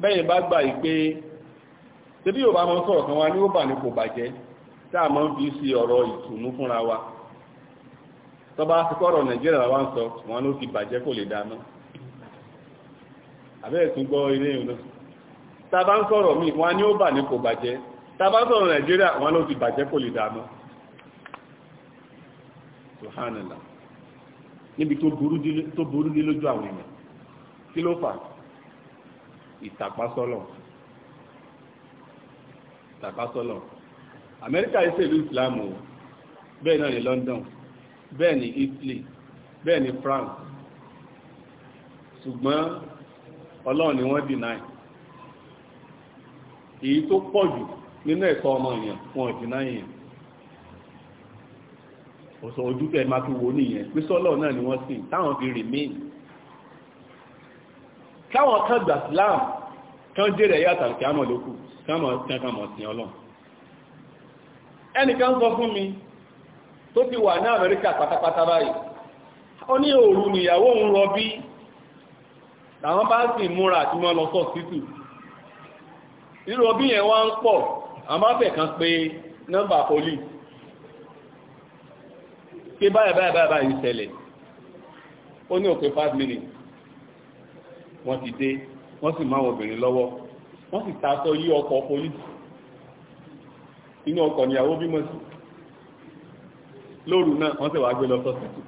bẹ́yìn bá gbà ìpé tí bí yóò bá mọ́ sọ̀rọ̀ kan wá ní ó bà ní kò bàjẹ́ táà mọ́ fi sí ọ̀rọ̀ ìtùnú fúnra wa tọba afikọ́rọ̀ nàìjíríà wá ń sọ wọn ló ti bàjẹ́ kò lè dáná àbẹ́ẹ̀ tún gbọ́ ilé ìrìnà tàbá ń sọ̀rọ̀ mi wọn ni ó bà ní kò bàjẹ́ tàbá sọ̀rọ̀ nàìjíríà wọn ló ti bàjẹ́ kò lè dáná subhanallah níbi tó burú dé lójú àwọn èèyàn kí ló fà ìtàpá amẹ́ríkà ìṣèlú ìsìlámù bẹ́ẹ̀ náà ní london bẹ́ẹ̀ ni Italy bẹ́ẹ̀ ni France ṣùgbọ́n ọlọ́run ni wọ́n deny èyí tó pọ̀ jù nínú ẹ̀kọ́ ọmọ èèyàn wọn deny yẹn ọ̀sọ̀ ojú tẹ máa fi wò nìyẹn pé sọ́lọ́ náà ni wọ́n sìn táwọn fi remain káwọn kan gbà Islam kan jẹ́ rẹ̀ yàtà kí á mọ̀ lókù kí á mọ̀ sí ọlọ́run ẹnìkan sọ fún mi tó ti wà ní Amẹ́ríkà pátápátá báyìí ó ní òru nìyàwó òun rọ bí làwọn bá sì múra àti mọ́ lọ sọ títù rírọ bí yẹn wá ń pọ̀ àmáfẹ̀ kan pé nọ́mbà poli pé báyìí báyìí báyìí báyìí ṣẹlẹ̀ ó ní òpin 5 minutes wọ́n ti dé wọ́n sì máa obìnrin lọ́wọ́ wọ́n sì tasọ yí ọkọ̀ poli inú ọkọ̀ níyàwó bímọ sí lóru náà wọ́n sì wá gbé lọ sọ́sìtì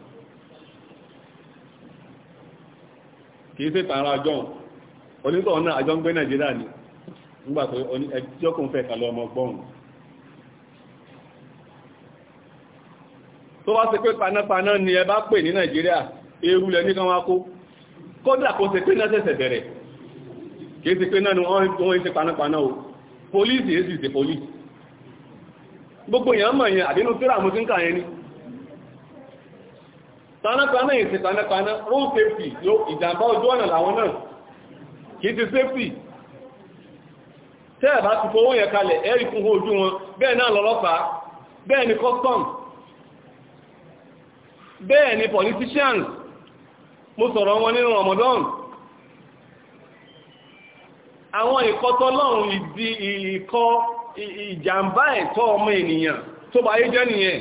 kìí sí tààrà john onítọ̀ ọ̀nà àjọ ń gbé nàìjíríà ni nígbà pé ẹjọ́kùn fẹ́ ọmọ gbọ́n tó wá sí pé panápaná ni ẹ bá pè ní nàìjíríà lẹ ní kódà kó pé náà bẹ̀rẹ̀ kìí pé ni wọ́n gbogbo èèyàn mọ̀ yẹn tíra mú sí ń ni tánápaná ìsì tánápaná road safety ló ìjàmbá ojú ọ̀nà làwọn náà kìí ti safety tẹ́ẹ̀ bá ti fowó yẹn kalẹ̀ ẹ̀rí fún ojú wọn bẹ́ẹ̀ náà lọ́lọ́pàá bẹ́ẹ̀ ni custom bẹ́ẹ̀ ni politicians mo sọ̀rọ̀ wọn nínú Ramadan àwọn ìkọ́tọ́ lọ́rùn ìdí ìkọ́ ìjàmbá ẹ̀tọ́ ọmọ ènìyàn tó bá yé jẹ́ nìyẹn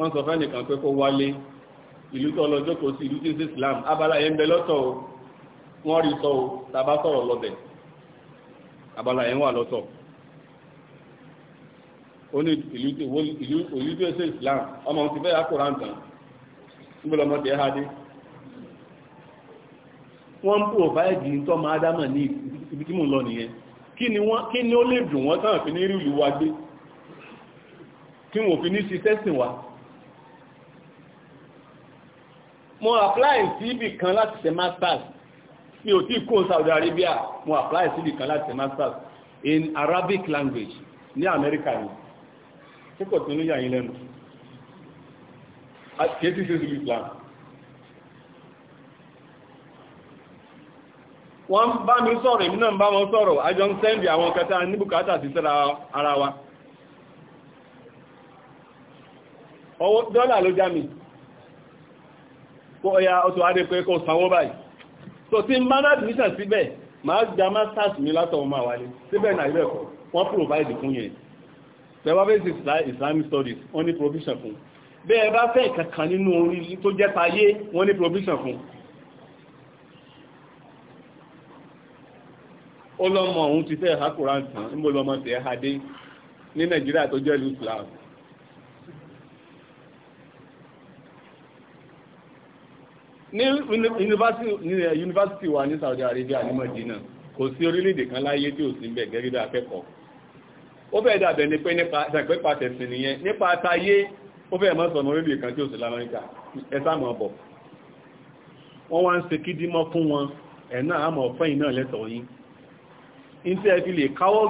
wọ́n sọ fẹ́ nìkan pé kó wálé ìlú tó lọ́jọ́ kò sí ìlú tí ń sí Islam abala yẹn bẹ lọ́tọ̀ o wọ́n rí sọ o tàbá sọ̀rọ̀ lọ́bẹ̀ abala yẹn wà lọ́tọ̀ ó ní ìlú tó sí Islam ọmọ ti fẹ́ akóra ń tàn níbẹ̀ lọ́mọ tẹ́ ha dé wọ́n ń pòfáìdì tó máa dámà ní ibi tí mò ń lọ nìyẹn kí ni ó lè dùn wọ́n tán fi ní rí ìlú wa gbé kí wọ́n fi ní ṣiṣẹ́ sìn wa mo apply sí ibì kan láti ṣe masters mi ò tí kó Saudi Arabia mo apply sí ibì kan láti ṣe masters in Arabic language ní Amẹ́ríkà ni kíkọ̀ tó ní yàyín lẹ́nu kéèkì sí ìlú Islam wọ́n bá mi sọ̀rọ̀ èmi náà bá wọn sọ̀rọ̀ àjọ ń sẹ́ndì àwọn kẹta ní bùkátà sí sára ara wa ọwọ́ dọ́là ló já mi ọya ọ̀tọ̀ adé pé kó sanwó báyìí so tí managed admission síbẹ̀ máa gba masters mi látọ̀wọ́ máa wálé síbẹ̀ náà ibẹ̀ kọ́ wọ́n provide fún yẹn pẹ̀lú basic islamic studies wọ́n ní provision fún bí ẹ bá fẹ́ kankan nínú orí tó jẹ́ tayé wọ́n ní provision fún ó lọ́mọ òun ti fẹ́ ha Kùránì tán níbo lọ́mọ tẹ̀ ha dé ní Nàìjíríà tó jẹ́ ìlú ní yunifásitì eh, wa ní Saudi Arabia ní Madina kò sí orílẹ̀-èdè kan láyé tí ò sí bẹ̀ gẹ́gẹ́ bí akẹ́kọ̀ọ́ ó fẹ́ dàbẹ̀ ní pé nípa tẹ̀sìn nìyẹn nípa tayé ó fẹ́ mọ́ sọmọ orílẹ̀-èdè kan tí ò sí l'Amẹ́ríkà ẹsàmọ̀ ọ̀bọ̀ wọ́n wá ń ṣe kídímọ́ fún wọn ẹ̀nà àmọ̀ fún ìná lẹ́tọ̀ yín in tí ẹ fi lè káwọ́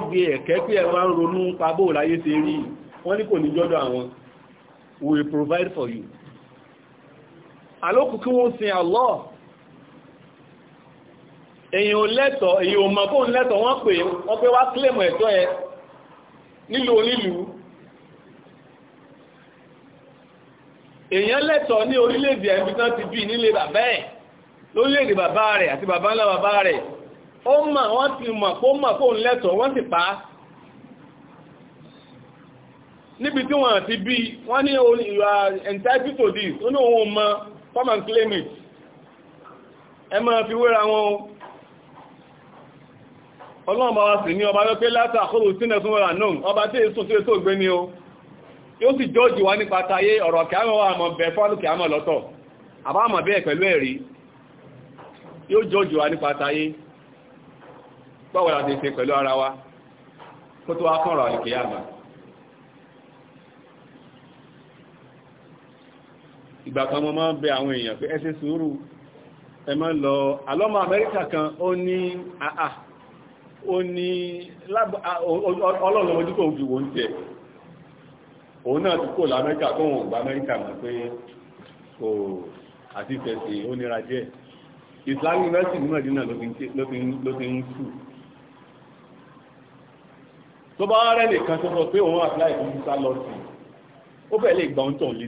we provide for you àlókù kí wọ́n sin Allah èyàn ò lẹ́tọ̀ èyàn ò mọ̀ fóun lẹ́tọ̀ wọ́n pè wọ́n pé wá kílèmù ẹ̀tọ́ ẹ nílùú onílùú èyàn lẹ́tọ̀ ní orílẹ̀-èdè ẹ̀bí tán ti bí nílé bàbá ẹ̀ lórílẹ̀-èdè bàbá rẹ̀ àti bàbá ńlá bàbá rẹ̀ ó mà wọ́n ti mọ̀ kó mọ̀ fóun lẹ́tọ̀ wọ́n sì pa níbi tí wọ́n ti bí wọ́n ní entitled to this ó ní òun mọ̀ come and claim it ẹ máa fi wéra wọn ọlọ́run bá wá sí ní ọba lọ́pẹ́ látà kó lù sínú ẹ̀sùn wọ́n náà ọba tí èso tí èso gbé ní o yóò sì jọ́ọ̀jì wá nípa tayé ọ̀rọ̀ kìámọ̀ wà mọ̀ bẹ̀ fọ́lù kìámọ̀ ìgbà kan mo máa ń bẹ àwọn èèyàn pé ẹ ṣe sùúrù ẹ má lọ alọ́mọ amẹ́ríkà kan ó ní àà ó ní ọlọ́run ojú tó ń tẹ̀ òun náà ti kò lamẹ́ríkà tó wọ́n gba amẹ́ríkà mọ̀ pé kò àti ìfẹ̀sì ó nira díẹ̀ islamic university ní mẹ́dínà ló fi ń sù tó bá rẹ̀ nìkan tó sọ pé òun apply fún sálọ́ọ̀tì ó fẹ́ lè gba oúnjẹ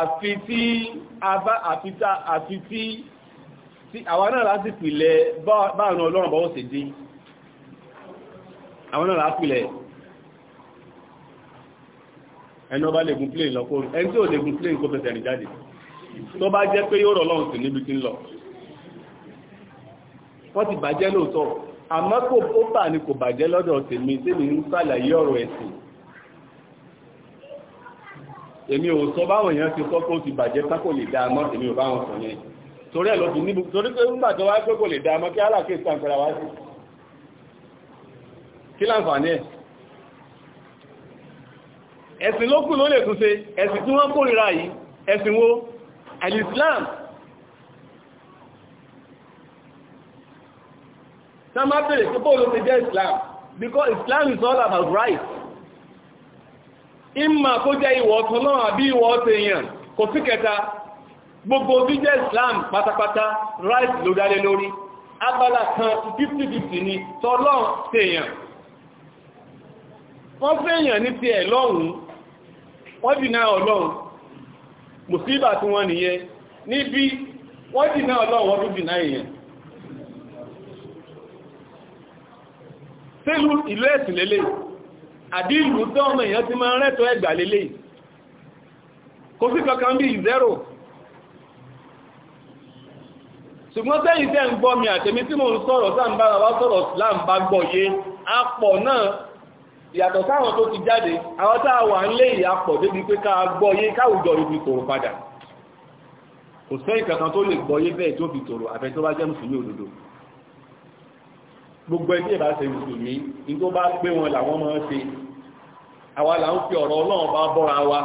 àfi tí àbá àfitá àfi tí tí àwọn náà láti pìlẹ̀ báàrùn ọlọ́run bọ́wọ́ sì dé àwọn náà láti pìlẹ̀ ẹni ọba lè gùn plane lọ kóòrùn ẹni tí ò lè gùn plane kó fẹsẹ̀ rìn jáde tó bá jẹ́ pé yóò rọ̀lọ́run sí níbi tí ń lọ wọ́n ti bàjẹ́ lóòótọ́ àmọ́ kò ó bà ní kò bàjẹ́ lọ́dọ̀ tèmi tèmi ń sàlàyé ọ̀rọ̀ ẹ̀sìn èmi ò sọ báwọn èèyàn ti sọ pé ó ti bàjẹ́ pé kò lè dáa mọ́ èmi ò báwọn sọ yẹn torí ẹ̀ ló fi níbi torí pé ń gbàjọ wá pé kò lè dáa mọ́ kí aláàkè sí àpẹẹrẹ wá sí kí láǹfààní ẹ̀ ẹ̀sìn ló kù ló lè túnṣe ẹ̀sìn tí wọ́n kórìíra yìí ẹ̀sìn wo al-Islam tá máa bèèrè pé bóòlù ti jẹ́ Islam because Islam is all about right ìmà kó jẹ́ ìwọ̀ ọ̀tọ̀ náà àbí ìwọ̀ ọ̀tọ̀ èèyàn kò sí kẹta gbogbo jíjẹ́ Islam pátápátá rice ló dálé lórí abala kan 50-50 ni tọ́lọ́n tèèyàn wọ́n fẹ́yàn ní ti ẹ̀ lọ́hùn wọ́n dì náà ọlọ́hun mùsíbà tí wọ́n nìyẹn níbi wọ́n dì náà ọlọ́hun wọ́n àbí ìlú tó ọmọ èèyàn ti máa rẹ́tọ́ ẹgbà lélẹ̀ kò sí kankan bí zero ṣùgbọ́n sẹ́yìn tẹ́ ń gbọ́ mi àtẹ̀mí tí mo ń sọ̀rọ̀ sáàmbára wá sọ̀rọ̀ láàmbá gbọ́yé apọ̀ náà yàtọ̀ sáwọn tó ti jáde àwọn tá a wà ń lé ìyàpọ̀ débi pé ká gbọ́yé káwùjọ ibi tòrò padà kò sẹ́yìn kankan tó lè gbọ́yé bẹ́ẹ̀ tó fi tòrò àfẹ́ tó bá jẹ́ mùsùlùmí òdodo gbogbo ẹgbẹ́ ìbá ṣe mùsùlùmí ní tó bá gbé wọn làwọn máa ṣe àwa là ń fi ọ̀rọ̀ ọlọ́run bá bọ́ra wa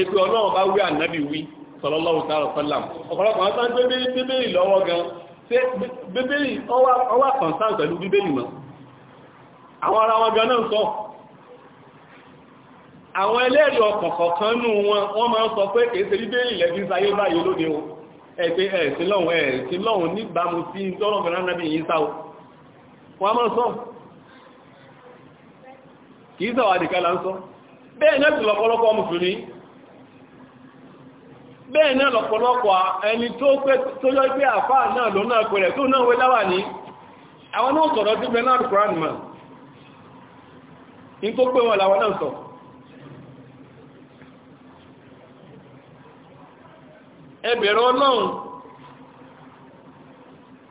ètò ọlọ́run bá wí ànábì wí sọlọ́lọ́run sáà sọ́làm ọ̀pọ̀lọpọ̀ wọn sáà gbé bíbélì lọ́wọ́ gan ṣé bíbélì ọwọ́ àkànṣán pẹ̀lú bíbélì mọ́ àwọn ara wọn gan náà sọ àwọn ẹlẹ́rìí ọkàn kọ̀ọ̀kan nù wọn wọ́n máa ń sọ pé kìí ṣe bíbélì lẹ́bí sáyé báyìí lóde o ẹ̀pẹ́ ẹ̀sìn lọ́hùn ẹ̀sìn lọ́hùn níbàámu sí tọ́lọ́gbọ̀n náà nábì yìí sáà wọ́n mọ́ sọ sọ àdìkà là ń sọ bẹ́ẹ̀ náà lọ́pọ̀lọpọ̀ mùsùlùmí bẹ́ẹ̀ ẹni tó pé náà ló náà tó náà wé láwà ní àwọn náà sọ̀rọ̀ ẹbẹ̀rẹ̀ ọlọ́run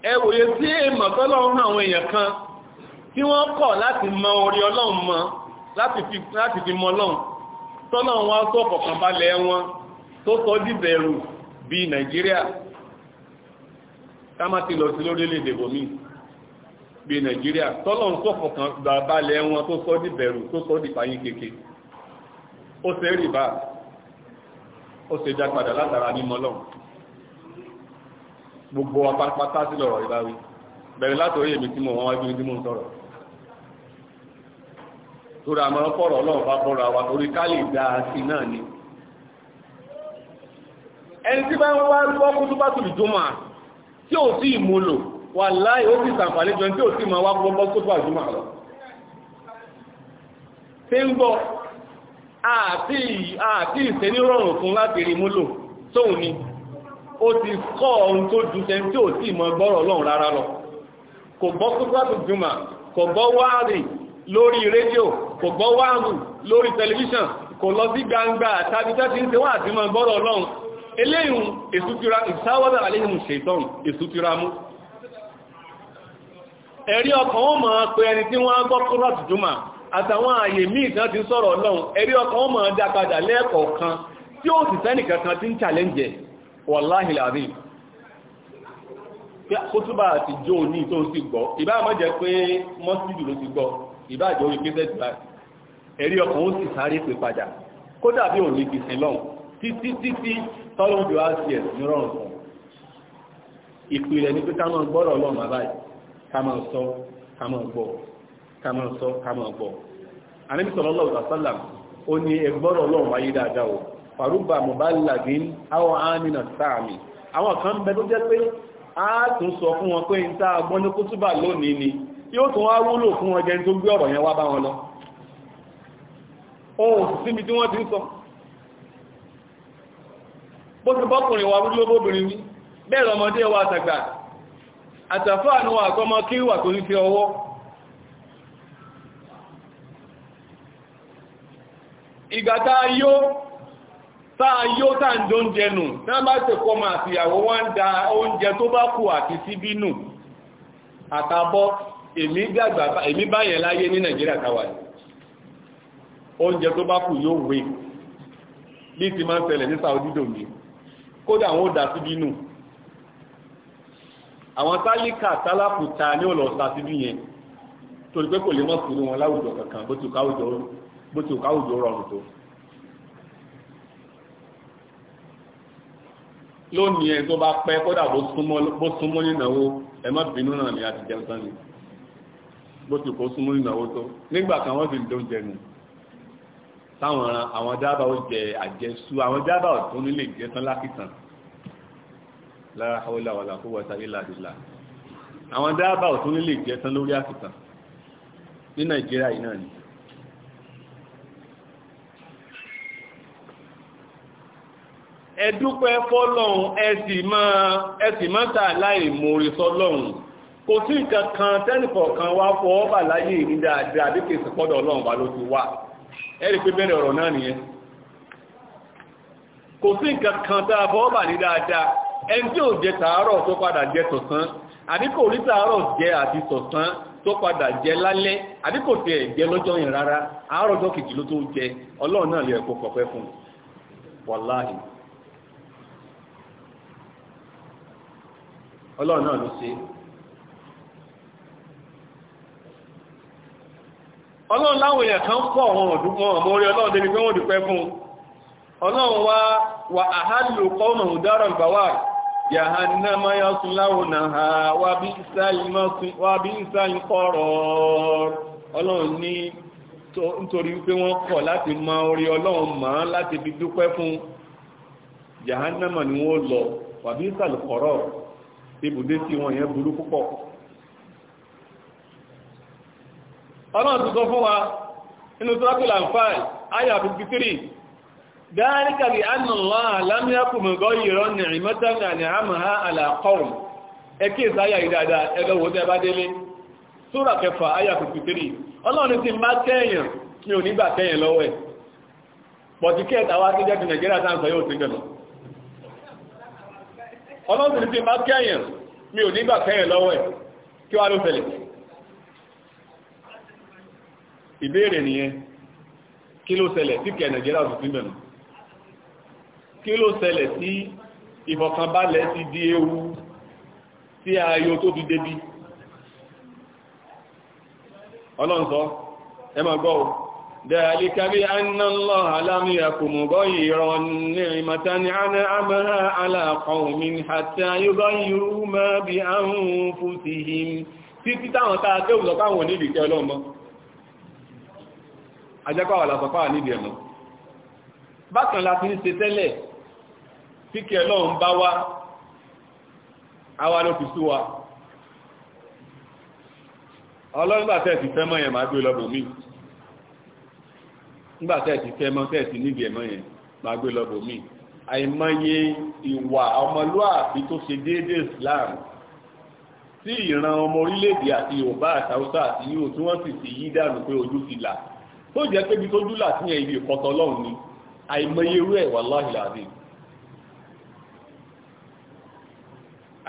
ẹ wòye sí èèmọ̀ tọ́lọ́run àwọn èèyàn kan tí wọ́n kọ̀ láti mọ orí ọlọ́run mọ láti fi mọ ọlọ́run tọ́lọ́run wá sọ kọ̀kan balẹ̀ wọn tó sọ dìbẹ̀rù bíi nàìjíríà ká má ti lọ sí lórílẹ̀-èdè bòmí bíi nàìjíríà tọ́lọ́run sọ kọ̀kan balẹ̀ wọn tó sọ dìbẹ̀rù tó sọ dìfàyín keke ó ṣe rí bá ó ṣe já padà látara mímọ́ ọlọ́run gbogbo wa pátápátá sí lọ́rọ̀ ìbáwí bẹ̀rẹ̀ látòrí èmi tí mo wọ́n wájú tí mo ń sọ̀rọ̀ torí àmọ́ fọ̀rọ̀ ọlọ́run bá bọ́ra wa torí ká lè dá a sí náà ni ẹni tí bá ń wá rí wọ́n kú tó bá tòlì tó máa tí ò sí ìmúlò wà láì ó sì sàǹfààní jọ tí ò sí máa wá bọ́ tó bá máa lọ tí ń gbọ́ àti ìṣẹ́ ní rọrùn fún láti rí múlò tóun ni ó ti kọ́ ohun tó ju tẹ́ tí ò sí ìmọ̀ gbọ́rọ̀ ọlọ́run rárá lọ kò gbọ́ kúrúgbàtù jùmọ̀ kò gbọ́ wáàrì lórí rédíò kò gbọ́ wáàrù lórí tẹlifíṣàn kò lọ sí gbangba tàbí tẹ́tí ń ṣe wà àti mọ̀ gbọ́rọ̀ ọlọ́run eléyìn èsútira ìsáwọ́dà aléhìn ṣètọ́n èsútira mú ẹ̀rí ọkàn ó máa pé ẹni tí wọ́n gbọ́ kúrúgbàtù jùmọ̀ àtàwọn àyè míì tán ti sọ̀rọ̀ ọlọ́run ẹ̀rí ọkàn ó máa dá padà lẹ́ẹ̀kọ̀ọ̀kan tí ó sì sẹ́nìkẹ̀kan tí ń challenge wàláhì làrí kótúbà àti jó ní tó sì gbọ́ ìbá má jẹ́ pé mọ́sílù ló ti gbọ́ ìbá àjọ orí pé sẹ́tìlá ẹ̀rí ọkàn ó sì sáré pé padà kódà bí òní fi sin lọ́hùn títí títí tọ́lọ́hùn bí wá sí ẹ̀ ní rọrùn fún ìpìlẹ̀ ní pé ká máa gbọ́rọ̀ lọ́hùn àbáyé ká máa sọ farúbà mọ̀bálàgín àwọn àmìnà sáàmì àwọn kan bẹ tó jẹ́ pé a tún sọ fún wọn pé ń tá agbọ́n ní kútúbà lónìí ni yóò tún wá wúlò fún wọn jẹun tó gbé ọ̀rọ̀ yẹn wá bá wọn lọ ohun síbi ti ọwọ́ ìgbàta yóò táa yóò tà ń jóúnjẹ nù náà bá ṣe kọmọ àtìyàwó wá ń da oúnjẹ tó bá kù àti síbí nù àtàbọ́ èmi gbàgbà èmi báyẹn láyé ní nàìjíríà táwà oúnjẹ tó bá kù yóò wé bí ti máa ń ṣẹlẹ̀ ní saudi domi kódà àwọn ó dà síbí nù àwọn tálíkà tálákùta ní ọlọ́ọ̀sá síbí yẹn torí pé kò lè mọ̀ sínú wọn láwùjọ kankan bó lónìí ẹni tó bá pẹ́ kódà bó súnmọ́ nínáwó ẹ má bínú náà ni àti jẹun sánni bó ti kó súnmọ́ nínáwó tó nígbà kan wọ́n sì ń dóúnjẹ nù táwọn àwọn dábà ó jẹ àjẹsú àwọn dábà ò tún nílé jẹ tán lákìtàn lára haúlà wàlà kó wọ́ta ilà ìlà àwọn dábà ò tún nílé jẹ tán lórí àkìtàn ní nàìjíríà yìí náà ni ẹ̀dúpẹ́ fọ́lọ́hun ẹ̀sì mọ́ta aláìmoore sọ́lọ́hun kò sí nǹkan kan tẹ́nìkọ̀ọ̀kan wá fọ́ ọ́bà láyé ní dáadáa bí kèsì pọ́dọ̀ ọlọ́run bá ló ti wa eri pé bere ọ̀rọ̀ náà nìyẹn kò sí nǹkan kan tẹ́ abọ́ ọ́bà ní dáadáa ẹni tí ò jẹ tàárọ̀ tó padà jẹ tọ̀sán je ati rí to pada je tọ̀sán tó padà jẹ lálẹ́ ọlọ́run náà ló ṣe ọlọ́run láwọn èèyàn kan pọ̀ wọn òdúgbọ́ ọmọ orí ọlọ́run débi pé wọ́n dúpẹ́ fún ọlọ́run wá wà àhálò kọ́nà òdáràn bàwà yàhánnámá yásùn láwọn àhà wà bí ìsáyìn kọ́rọ̀ ọlọ́run ní nítorí pé wọ́n kọ̀ láti mọ orí ọlọ́run mọ́ láti fi dúpẹ́ fún yàhánnámá ni wọ́n lọ wà ìsáyìn kọ́rọ̀ ibùdé tí wọ́n yẹn burú púpọ̀ ọlọ́run ti fún wa inú sọ́kùlà fàì ayà 53 dáríkà lè ánàlá alámíyàkùnmù gọ́yìrọ ní ìmọ́tàmì àni àmàhà àlàkọ́rùn ẹkí ìsáyà ìdàdà ẹgbẹ̀wò tẹ́ bá délé súrà kẹfà ayà 53 ọlọ́run ti má kẹ́yàn kí o nígbà ọlọ́run ti máa kẹ́yìn mi ò nígbà kẹ́yìn lọ́wọ́ ẹ̀ kí wá ló fẹ́lẹ̀ ìbéèrè nìyẹn kí ló ṣẹlẹ̀ sí kẹ nàìjíríà tó síbẹ̀ nù kí ló ṣẹlẹ̀ sí ìfọ̀kànbalẹ̀ ti di ewu sí ayò tó ti débi ọlọ́run sọ ẹ máa gbọ́ ذلك بأن الله لم يكن مغيرا نعمة أنعمها على قوم حتى يغيروا ما بأنفسهم títí táwọn táa tẹ́ òlọ́pá wọn níbi ìkẹ́ ọlọ́mọ ajẹ́kọ̀ọ́ àlàsọ̀pá níbi ẹ̀mọ́ bákan láti ń ṣe tẹ́lẹ̀ tí kẹ́ ọlọ́run bá wá awà ló fi sú wa ọlọ́run bá tẹ́ ti fẹ́ mọ́ ẹ̀mà gbé lọ́bùn míì nígbà tẹ́ẹ̀tì fẹ́ mọ́ tẹ́ẹ̀tì níbi ẹ̀mọ́ yẹn máa gbé lọ bòmí àìmọye ìwà ọmọlúàbí tó ṣe déédé Islam tí ìran ọmọ orílẹ̀-èdè àti Yorùbá àti Haúsá àti yíò tí wọ́n sì ti yí dànù pé ojú ti là tó jẹ́ pé ibi tó dúlà sí yẹn ibi ìkọtọ̀ Ọlọ́run ni àìmọye irú ẹ̀ wàláhì làbí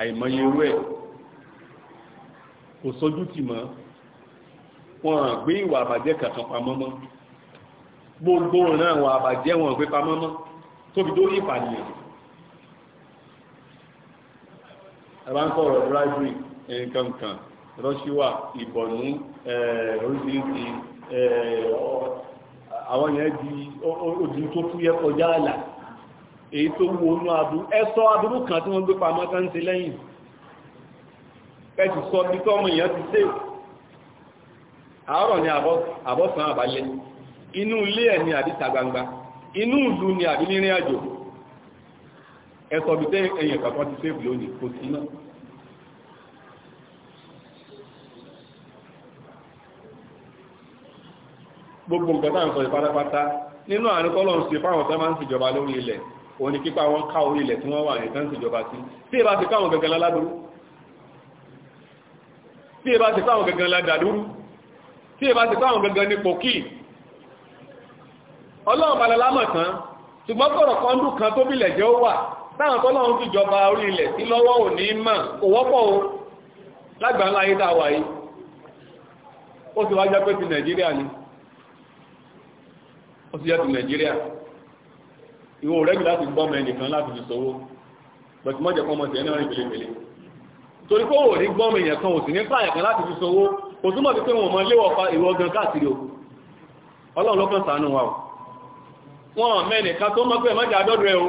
àìmọye irú ẹ̀ kò sójú tì mọ́ wọn gbé ìwà àbàjẹ́ kankan pamọ́ gbogbo ọ̀nà àwọn àbàjẹ́ wọn gbé pamọ́ mọ́ tóbi dórí ìpànìyàn ẹ̀bá ń kọ̀rọ̀ bribery nǹkan kan rọ́ṣíwà ìbọ̀nú oríṣiríṣi àwọn yẹn di ojú tó fúyẹ́ kọjá àlà èyí tó wú onú abu ẹsọ aburú kan tí wọ́n gbé pamọ́ tán ti lẹ́yìn ẹ̀sùn sọ bí tọ́mọ èèyàn ti dé àárọ̀ ni àbọ̀sán àbálẹ́ inú ilé ẹ̀ ni àbí sàgbangba inú ìlú ni àbí nírìn àjò ẹ̀sọ̀ bí tẹ́ ti sèbù lónìí kò sí náà gbogbo nǹkan sọ ìpátápátá nínú àárín ń ṣe fáwọn tó máa ń ṣèjọba lórí ilẹ̀ òun ni kípa wọn ká orí ilẹ̀ tí wọ́n wà nìkan ṣèjọba sí tí ẹ bá ti káwọn gangan ládàdúrú tí ẹ bá ti káwọn gangan ládàdúrú tí ẹ bá ti káwọn gangan ní pòkíì ọlọ́run balẹ̀ lámọ̀ kan ṣùgbọ́n kọ̀rọ̀ kọ́ńdù kan tó bílẹ̀ jẹ́ ó wà táwọn tọ́lọ́run fi jọba orí ilẹ̀ sí lọ́wọ́ ò ní mọ̀ kò wọ́pọ̀ o lágbàá láyé tá a wà yìí ó sì wá jẹ́ pé ti nàìjíríà ni ó sì jẹ́ ti nàìjíríà ìwò rẹ́gbì láti gbọ́mọ ẹnìkan láti fi sọ́wọ́ bẹ̀tí mọ́jẹ̀ pọ́mọ sí ẹni ọ̀rìn pèlépèlé torí kó wò ní gbọ́mọ èèyàn kan ò sí ní pààyàn kan láti fi sọ́wọ́ kò túmọ̀ sí pé o ọlọ́run wọn mẹ́nìkan tó mọ́ pé mọ́jà àdọ́dọ̀ ẹ̀ o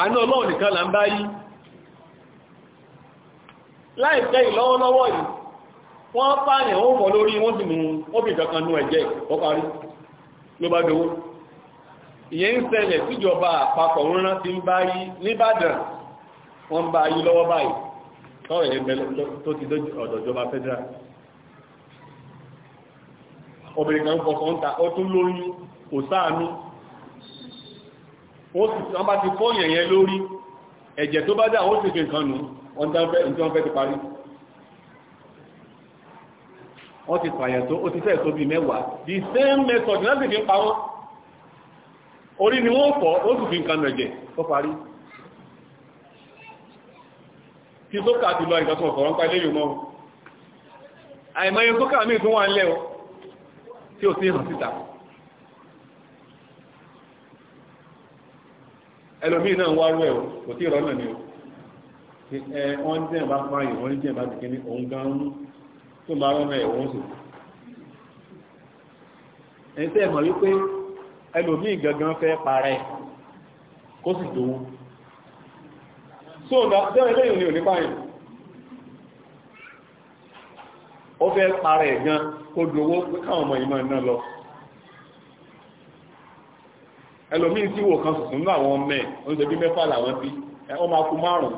àánú ọlọ́run nìkan là ń bá yí láìpẹ́ ìlọ́wọ́lọ́wọ́ yìí wọ́n pààyàn ó mọ̀ lórí wọ́n sì mú óbì kankan nú ẹ̀jẹ̀ ọparí ló bá ń síjọba àpapọ̀ ti ń bá yí wọ́n bá lọ́wọ́ báyìí kò sáànú wọ́n bá ti fọ́ yẹ̀yẹ lórí ẹ̀jẹ̀ tó bá dá ó sì fi nǹkan nù wọ́n ti parí wọ́n ti pààyàn tó ó ti fẹ́ tó bí mẹ́wàá the same method náà fi orí ni wọ́n fọ́ ó sì fi nǹkan nù ẹ̀jẹ̀ tó parí kí sókà ti lọ ìjọsùn ọ̀kọ̀rọ̀ ń pa ilé yìí mọ́ àìmọye sókà wà ń tí sí ẹlòmíì náà wá rú ẹ̀ o kò tí ìrọ́nà ni o ẹ wọ́n jẹ́ ìbá fáyìn wọ́n jẹ́ ìbá dìkẹ́ ní òun gan tó máa rọ́nà ẹ̀ wọ́n sùn ẹ̀yìn tẹ́ mọ̀ wípé ẹlòmíì gangan fẹ́ parẹ́ kó sì dòwó so ọ̀dà tẹ́ ẹlẹ́yìn ni ò ní báyìí ó fẹ́ parẹ́ gan kó dòwó káwọn ọmọ yìí máa ná lọ ẹlòmíì tí wò kan sùsùn náà àwọn ọmọ ẹ̀ oúnjẹ bí mẹ́fà làwọn bí ọmọ akú márùn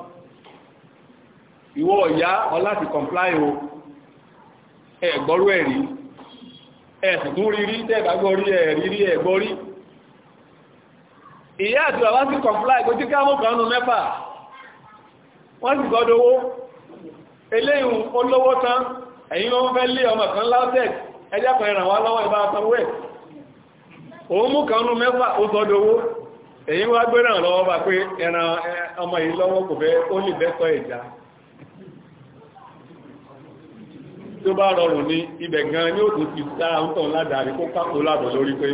ìwọ ọ̀yá ọláti kọ̀mpláì o ẹ gbọ́rú ẹ̀ rí ẹ̀sùn tún rí rí tẹ́ẹ̀bàgbọ́ rí ẹ̀ rí rí ẹ̀gbọ́ rí ìyá àti bàbá sí kọ̀mpláì kó tí káwọn kan nù mẹ́fà wọ́n sì gọ́dọ̀ owó eléyìn olówó tán ẹ̀yìn wọn fẹ́ lé ọmọ kan láwọ́tẹ̀ ẹjẹ́ pẹ̀rẹ̀ wá lọ́wọ́ ìbá sanwó ẹ̀ òmú kan nú mẹ́fà ó sọ́dọ̀wó èyí wá gbé lọ́wọ́ bá pé ẹran ọmọ yìí lọ́wọ́ kò fẹ́ ó lè ìjà tó bá rọrùn ní ibẹ̀ gan ní ó ti sá ládàrí kó kápò lábọ̀ lórí pé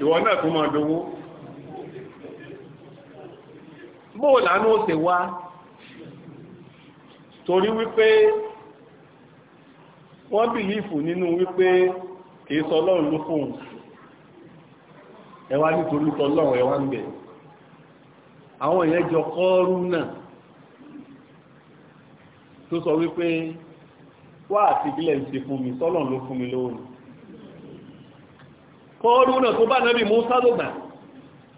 ìwọ náà tún máa dowó bóò torí wípé n'inu wípé sọ ẹ wá nítorí tọ́lọ́run ẹ wá ń bẹ̀ àwọn yẹn jọ kọ́ọ́rú náà tó sọ wípé wá àti ìbílẹ̀ ń ṣe fún mi sọ́lọ̀ ló fún mi lówó ni kọ́ọ́rú náà tó bá nábì Musa ló gbà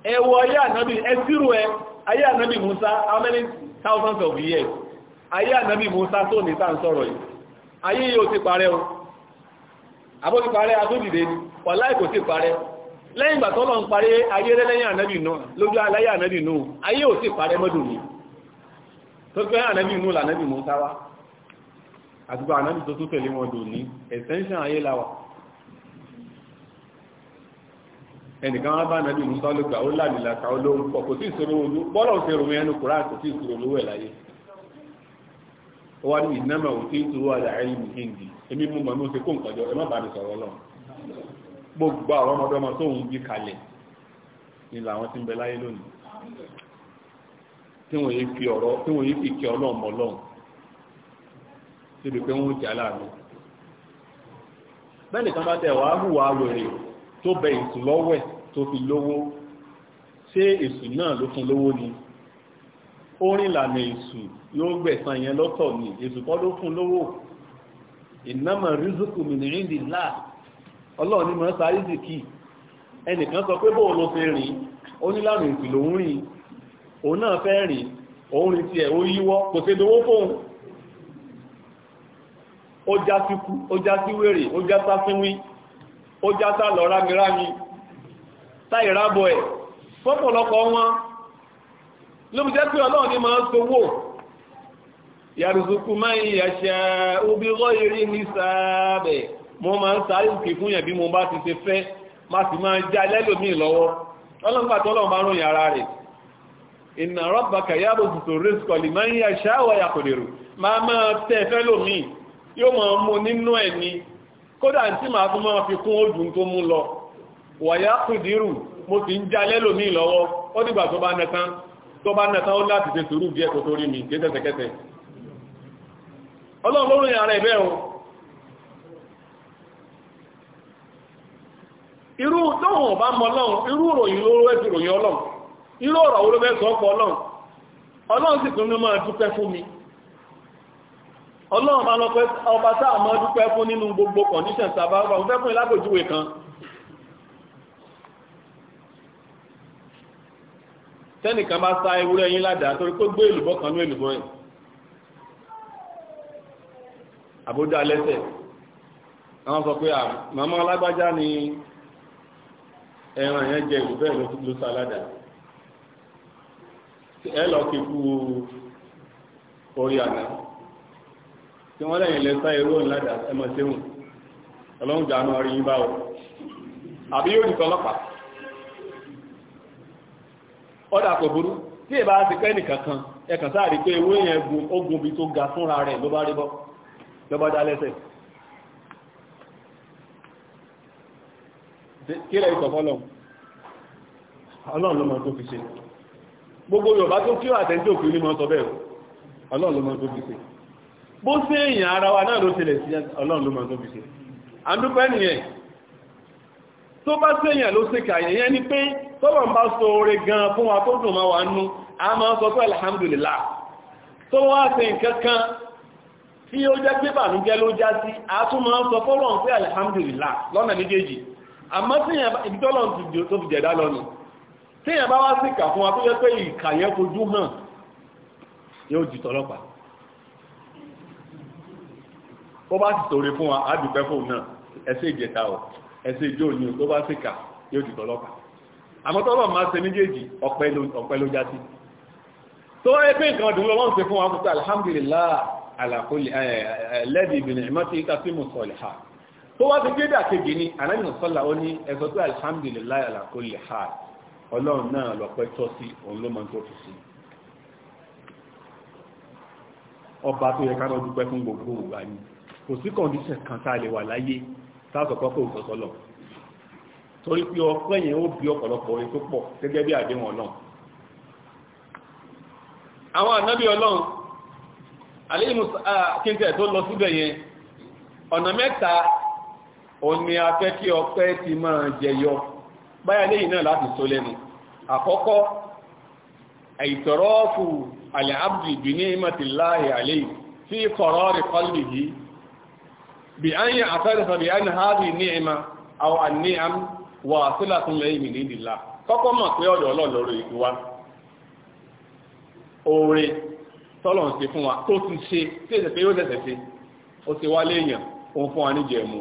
ayé ànábì ẹ sírò ẹ ayé ànábì Musa how many thousands of years ayé ànábì Musa tó ní tá à ń sọ̀rọ̀ yìí ayé yóò ti parẹ́ o àbó ti parẹ́ adódìde ni wàláì kò ti parẹ́ lẹ́yìn ìgbà tọ́lọ̀ ń parí ayé rẹ̀ lẹ́yìn ànábì náà lójú aláyé ànábì náà ayé ò sì parẹ́ mọ́dún ní tó pẹ́ ànábì náà lànábì mú sáwá àtúgbà ànábì tó tún tẹ̀lé wọn dùn ní extension ayé láwà ẹnìkan wá bá ànábì mú sáwá lókà ó lànìlàkà ó lóhun pọ̀ kò sí ìṣòro olú bọ́lọ̀ ṣe rò ẹnu kùrá kò sí ìṣòro olówó ẹ̀ láyé ó wá ní gbogbo àwọn ọmọdọ́mọ tó ń gbí kalẹ̀ nílò àwọn tí ń bẹ láyé lónìí tí wọ́n yìí fi ọ̀rọ̀ tí wọ́n yìí fi kí ọlọ́run mọ́ lọ́run síbi pé wọ́n jà láàrin bẹ́ẹ̀ nìkan bá tẹ̀ wá hùwà wèrè tó bẹ èsù lọ́wẹ̀ tó fi lówó ṣé èsù náà ló fún lówó ni orin ìlànà èsù yóò gbẹ̀san yẹn lọ́tọ̀ ni èsù kọ́ ló fún lówó ìnámọ̀ rízùkù mìnìrín dì láà ọlọ́run ní mọ̀ sáré zìkì ẹnìkan sọ pé bóò ló fẹ́ rìn ó ní lánàá ìpì ló ń rìn òun náà fẹ́ rìn òun rìn tiẹ̀ ó yíwọ́ kò sí dowó fóun ó já sí kú ó já sí wèrè ó já sá sínwí ó já sá lọ rámirámi táì rábọ̀ ẹ̀ fọ́pọ̀lọpọ̀ wọn ló pé ọlọ́run ní máa yàrùsùkú máa ń yàṣà obìnrin ìrìn ní sáàbẹ̀ mo máa ń sáré òkè fún yẹn bí mo bá ti ṣe fẹ́ má sì máa já lẹ́lòmíì lọ́wọ́ ọlọ́gbà tó lọ́wọ́ máa ń ròyìn ara rẹ̀ inna rabbaka yabsutu rizqa liman yasha wa yaqdiru máa máa tẹ́ fẹ́ lòmíì yóò máa mú nínú ẹ̀ ni kódà tí màá tún bá nẹtán ó láti ṣe sùúrù díẹ̀ kó mi kéṣẹ̀ṣẹ̀kẹ́ṣẹ̀ ọlọ́run lórí ara ẹ̀ bẹ́ẹ̀ irú tóhùn ọba mọ ọlọ́run irú ìròyìn olówó ẹ̀sìn ìròyìn ọlọ́run irú ọ̀rọ̀ olówó ẹ̀sìn ọkọ̀ ọlọ́run ọlọ́run sì tún ní máa dúpẹ́ fún mi ọlọ́run máa lọ pé ọba táà máa dúpẹ́ fún nínú gbogbo condition tàbá ọba òun fẹ́ fún ìlápòjúwe kan tẹ́nìkan bá sá ewúrẹ́ yín ládàá torí pé gbé èlùbọ́ kan ní èlùbọ́ yìí àbójá lẹ́sẹ̀ àwọn sọ pé màmá alágbájá ni ẹran yẹn jẹ ìlú bẹ́ẹ̀ ló sáládà ẹ lọ kí kú orí àná tí wọ́n lẹ́yìn lẹ́sá irú ńládà ẹmọ séhùn ọlọ́run jà náà rí yín àbí yóò kò burú tí kan ẹ̀kàn sáà rí pé ewé yẹn gun ogun ga fúnra rẹ̀ ló bá rí bọ́ kílẹ̀ ìsọ̀fọ́lọ̀ ọlọ́run ló mọ̀ tó fi ṣe gbogbo yorùbá tó kí àtẹ́jì òfin ní mọ́ sọ bẹ́ẹ̀ ọlọ́run ló mọ̀ tó fi ṣe bó sí èyàn ara wa náà ló ṣẹlẹ̀ sí ọlọ́run ló mọ̀ tó fi ṣe àdúpẹ́ nìyẹn tó bá sí èyàn ló ṣe kàyẹ̀yẹ́ ni pé tọ́wọ̀ ń bá so oore gan fún wa tó dùn máa wà nú a máa sọ pé alhamdulillah tó wá ṣe nǹkan kan tí ó jẹ́ pé bànújẹ́ ló já sí a tún máa sọ fọ́lọ́run pé alhamdulillah lọ́nà méjèèjì àmọ́ tíyàn ibi tọ́lọ̀ tó fi jẹ̀dá lọ ni tíyàn bá wá sí ìkà fún wa tó yẹ pé ìkà yẹn fojú hàn yóò di tọ́lọ́pàá ó bá ti tòrè fún wa àdùpẹ́ fún náà ẹsẹ́ ìjẹta ọ̀ ẹsẹ́ ìjọ òní tó bá sí ìkà yóò di tọ́lọ́pàá àmọ́ tọ́lọ̀ máa ṣe méjèèjì ọpẹ́ ló já sí tó wáyé pé nǹkan ọdún lọ́wọ́n ṣe fún wa fún alhamdulillah ala kulli ìbìnrin ìmọ́tí tó wá ti gbé dàkejì ni anáyìn sọ́là ó ní ẹ̀sọ́ tó alhamdulillah ala kulli hal ọlọ́run náà lọ́pẹ́ tọ́ sí òun ló máa ń tó fi sí ọba tó yẹ ká lọ dúpẹ́ fún gbogbo ìgbà ni kò sí kọ̀ǹdíṣẹ̀ kan tá a lè wà láyé sáàkọ̀kọ́ kò sọ́sọ́ lọ torí pé ọpẹ́ yẹn ó bí ọ̀pọ̀lọpọ̀ orin tó pọ̀ gẹ́gẹ́ bí àdéhùn ọlọ́run àwọn ànábì ọlọ́run àléhùn ah, kíntẹ̀ tó lọ síbẹ̀ yẹn ọ̀nà mẹ́ta òun ni a fẹ́ kí ọpẹ́ ti máa jẹyọ báyà lẹ́yìn náà láti sọ lẹ́nu àkọ́kọ́ àìtọ̀rọ́fù al'abdi bi ní ìmọ̀tìláhì alayhi fi qarari qalbihi bí an yà àfẹ́rẹ́fà bí an hábi ní ìmọ̀ àwọn àníyàn wà sílàtún lẹ́yìn nídìlá kọ́kọ́ mọ̀ pé ọ̀dọ̀ tọ́lọ̀ ń ṣe fún wa tó ti ṣe tí èsẹ̀ yóò tẹ̀sẹ̀ ṣe ó ti wá léèyàn òun fún wa níjẹ̀mú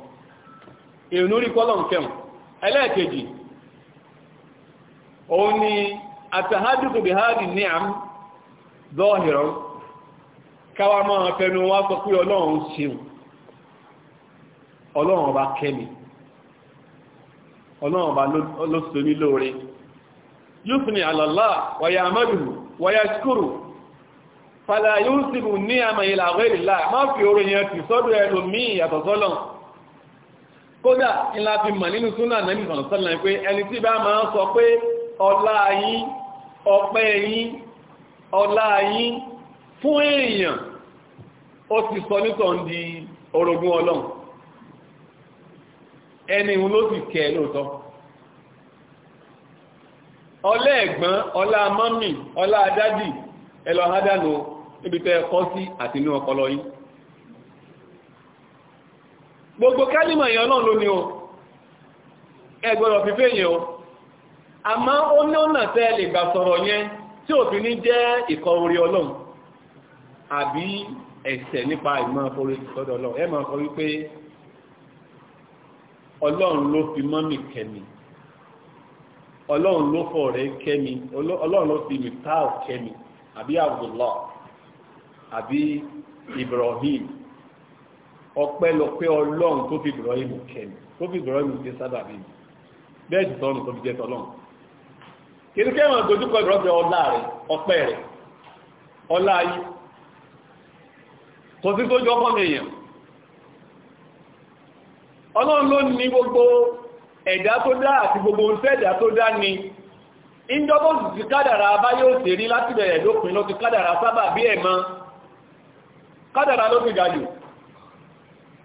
èrùn orí kọ́lọ̀ ń kẹun ẹlẹ́ẹ̀kejì òun ni àtàhádùkù bí háàdì ní àm dọ́ọ̀hìrán káwa máa fẹnu wá sọ pé ọlọ́run ṣeun ọlọ́run ọba kẹ́mi ọlọ́run ọba ló sọ ní lóore yúfìnì àlọ́lá wàyà amẹ́rù wàyà ṣkúrù fàlàyé ó sì bù ní àmà ìlàwé má fi orin yẹn ti sọ́dọ̀ ẹlòmíì yàtọ̀ kódà ńlá fi mọ̀ nínú súnà nẹ́bí sọ̀rọ̀sọ́lá pé ẹni tí bá máa ń sọ pé ọlá yín ọpẹ́ yín ọlá yín fún èèyàn ó ti sọ nítàn di orogún ọlọ́run ẹni ìhun ló sì kẹ lóòótọ́ ọlá ẹ̀gbọ́n ọlá mọ́mì ọlá dádì ẹlọ hádàlú níbi tẹ́ ẹ̀kọ́ sí àti ọpọlọ yín gbogbo kálímà èèyàn náà ló o ẹgbọ́rọ̀ fífẹ́ o àmọ́ ó ní ọ̀nà tẹ́ lè gbà sọ̀rọ̀ yẹn tí òfin ní jẹ́ ìkọ̀ orí ọlọ́run àbí ẹ̀ṣẹ̀ nípa ìmọ̀ forí sọ́dọ̀ ọlọ́run ẹ máa sọ wípé ọlọ́run ló fi mọ́mì kẹ́mi ọlọ́run ló fọ̀ rẹ̀ kẹ́mi ọlọ́run ló fi mìtáà kẹ́mi àbí Abdullah àbí Ibrahim ọpẹ́lọpẹ́ ọlọ́run tó fi bọ̀rọ̀ tó fi bọ̀rọ̀ jẹ́ sábà bí bẹ́ẹ̀ tó fi jẹ́ tọ́lọ́run kìí dojúkọ ọlá ọpẹ́ ọlá ayé sí gbogbo ẹ̀dá tó dá àti gbogbo tó dá ni ìjọba ti kádàrà abáyé láti bẹ̀rẹ̀ lópin ti kádàrà sábà bí kádàrà ló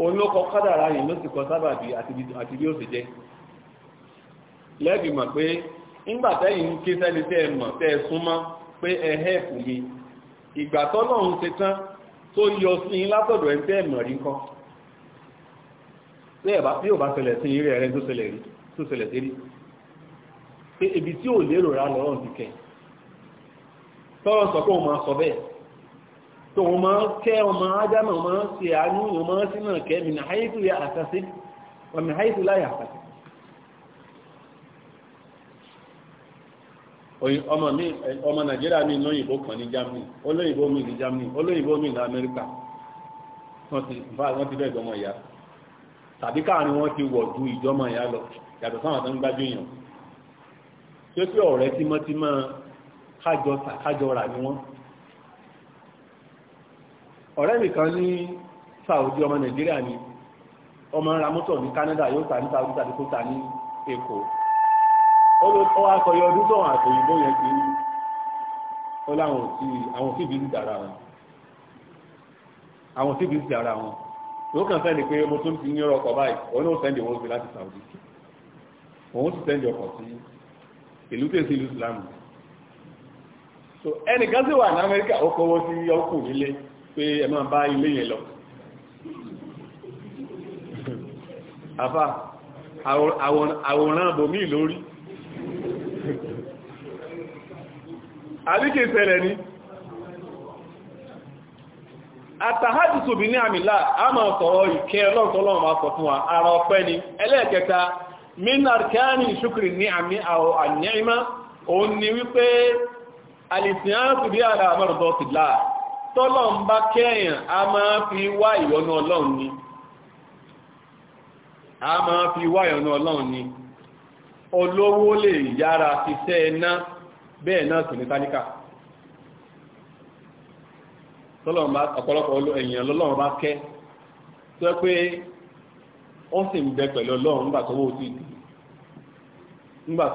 òun ló kọ kádàrá yìí ló sì kọ sábàbí àti bí ó sì jẹ́ lẹ́bí mọ̀ pé ńgbà tẹ́yìn ń ké sẹ́ni tẹ́ ẹ mọ̀ tẹ́ ẹ súnmọ́ pé ẹ hẹ́ẹ̀pù mi ìgbà tọ́lọ́run ṣe tán tó yọ sí yín látọ̀dọ̀ ẹ tẹ́ ẹ mọ̀ rí nǹkan bí ò bá ṣẹlẹ̀ sí tó wọn máa kẹ́ ọmọ ádámà wọn máa ṣe àánú wọn máa sí náà kẹ́ mi náà tó yà àtàsí wọn mi háìtò láyà àtàsí ọmọ mi ọmọ nàìjíríà mi lóyìnbó kan ní germany olóyìnbó mi ní germany olóyìnbó mi ní amẹ́ríkà wọ́n ti bẹ́ẹ̀ gbọmọ ìyá tàbí káàrin wọ́n ti wọ̀ ju ìjọmọ ìyá lọ yàtọ̀ sáwọn tó ń gbájú èèyàn tí ó pé ọ̀rẹ́ tímọ́tímọ́ kájọ rà ní wọ́n ọ̀rẹ́ mi kan ní Saudi ọmọ Nàìjíríà ni ọmọ ra mọ́tọ̀ ní Canada yóò ta ní Saudi tàbí kó ta ní Èkó ó wá sọ yọ ọdún tó àwọn àtòyìnbó yẹn ti ń ó láwọn òsì àwọn òsì bíi dára wọn àwọn òsì bíi dára wọn yóò kàn sẹ́ni pé mo tún ti ń yọrọ ọkọ̀ báyìí òun náà sẹ́ndì owó sí láti Saudi òun sì sẹ́ndì ọkọ̀ sí ìlú tó sí ìlú Islam so ẹnìkan sì wà ní Amẹ́ríkà ó kọ́wọ́ sí ọkùnrin nílé pé ẹ máa bá ilé yẹn lọ àfà àwòrán àbòmí lórí àríkè ìṣẹ̀lẹ̀ ni àtàhádùsù bí ní àmìlá a máa sọ̀rọ̀ ìkẹ́ ọlọ́ntọ́lọ́wọ́ máa sọ fún wa ara ọpẹ́ ni ẹlẹ́ẹ̀kẹta mínàrkáni ìṣúkìrì ní àmì àwọ̀ àníyàn òun ni wípé alìsìyàn tó bí ara àmọ́rọ̀dọ́ ti tọ́lọ́n bá kẹ́yàn a máa fi wá ìyọ́nú ọlọ́run ni a máa fi wá ìyọ́nú ọlọ́run ni olówó lè yára ṣiṣẹ́ iná bẹ́ẹ̀ náà sì tálíkà tọ́lọ́n bá ọ̀pọ̀lọpọ̀ èèyàn lọ́lọ́run bá kẹ́ tó yẹ pé ó sì ń bẹ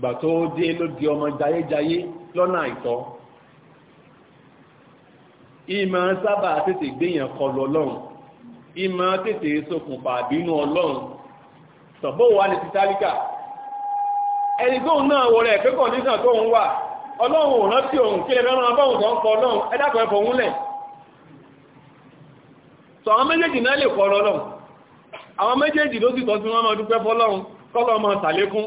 gbà tó dé ló di ọmọ jayéjayé lọ́nà àìtọ́ ìmọ̀ sábà tètè gbéyàn kọlu ọlọ́run ìmọ̀ tètè ṣokùnfà bínú ọlọ́run sọ̀bọ̀ wà ní titálíkà ẹni tóun náà wọ rẹ̀ pé kọ̀ǹdíṣàn tóun wà ọlọ́run ò rántí òun kí lè fẹ́ràn abọ́hùn tó ń kọ ọlọ́run ẹ̀dàkọ̀ ẹ̀fọ̀ òun lẹ̀ sọ àwọn méjèèjì náà lè kọ ọlọ́run àwọn méjèèjì ló sì tọ́ sí wọn máa dúpẹ́ fọlọ́run kọ́lọ́ máa tàlékún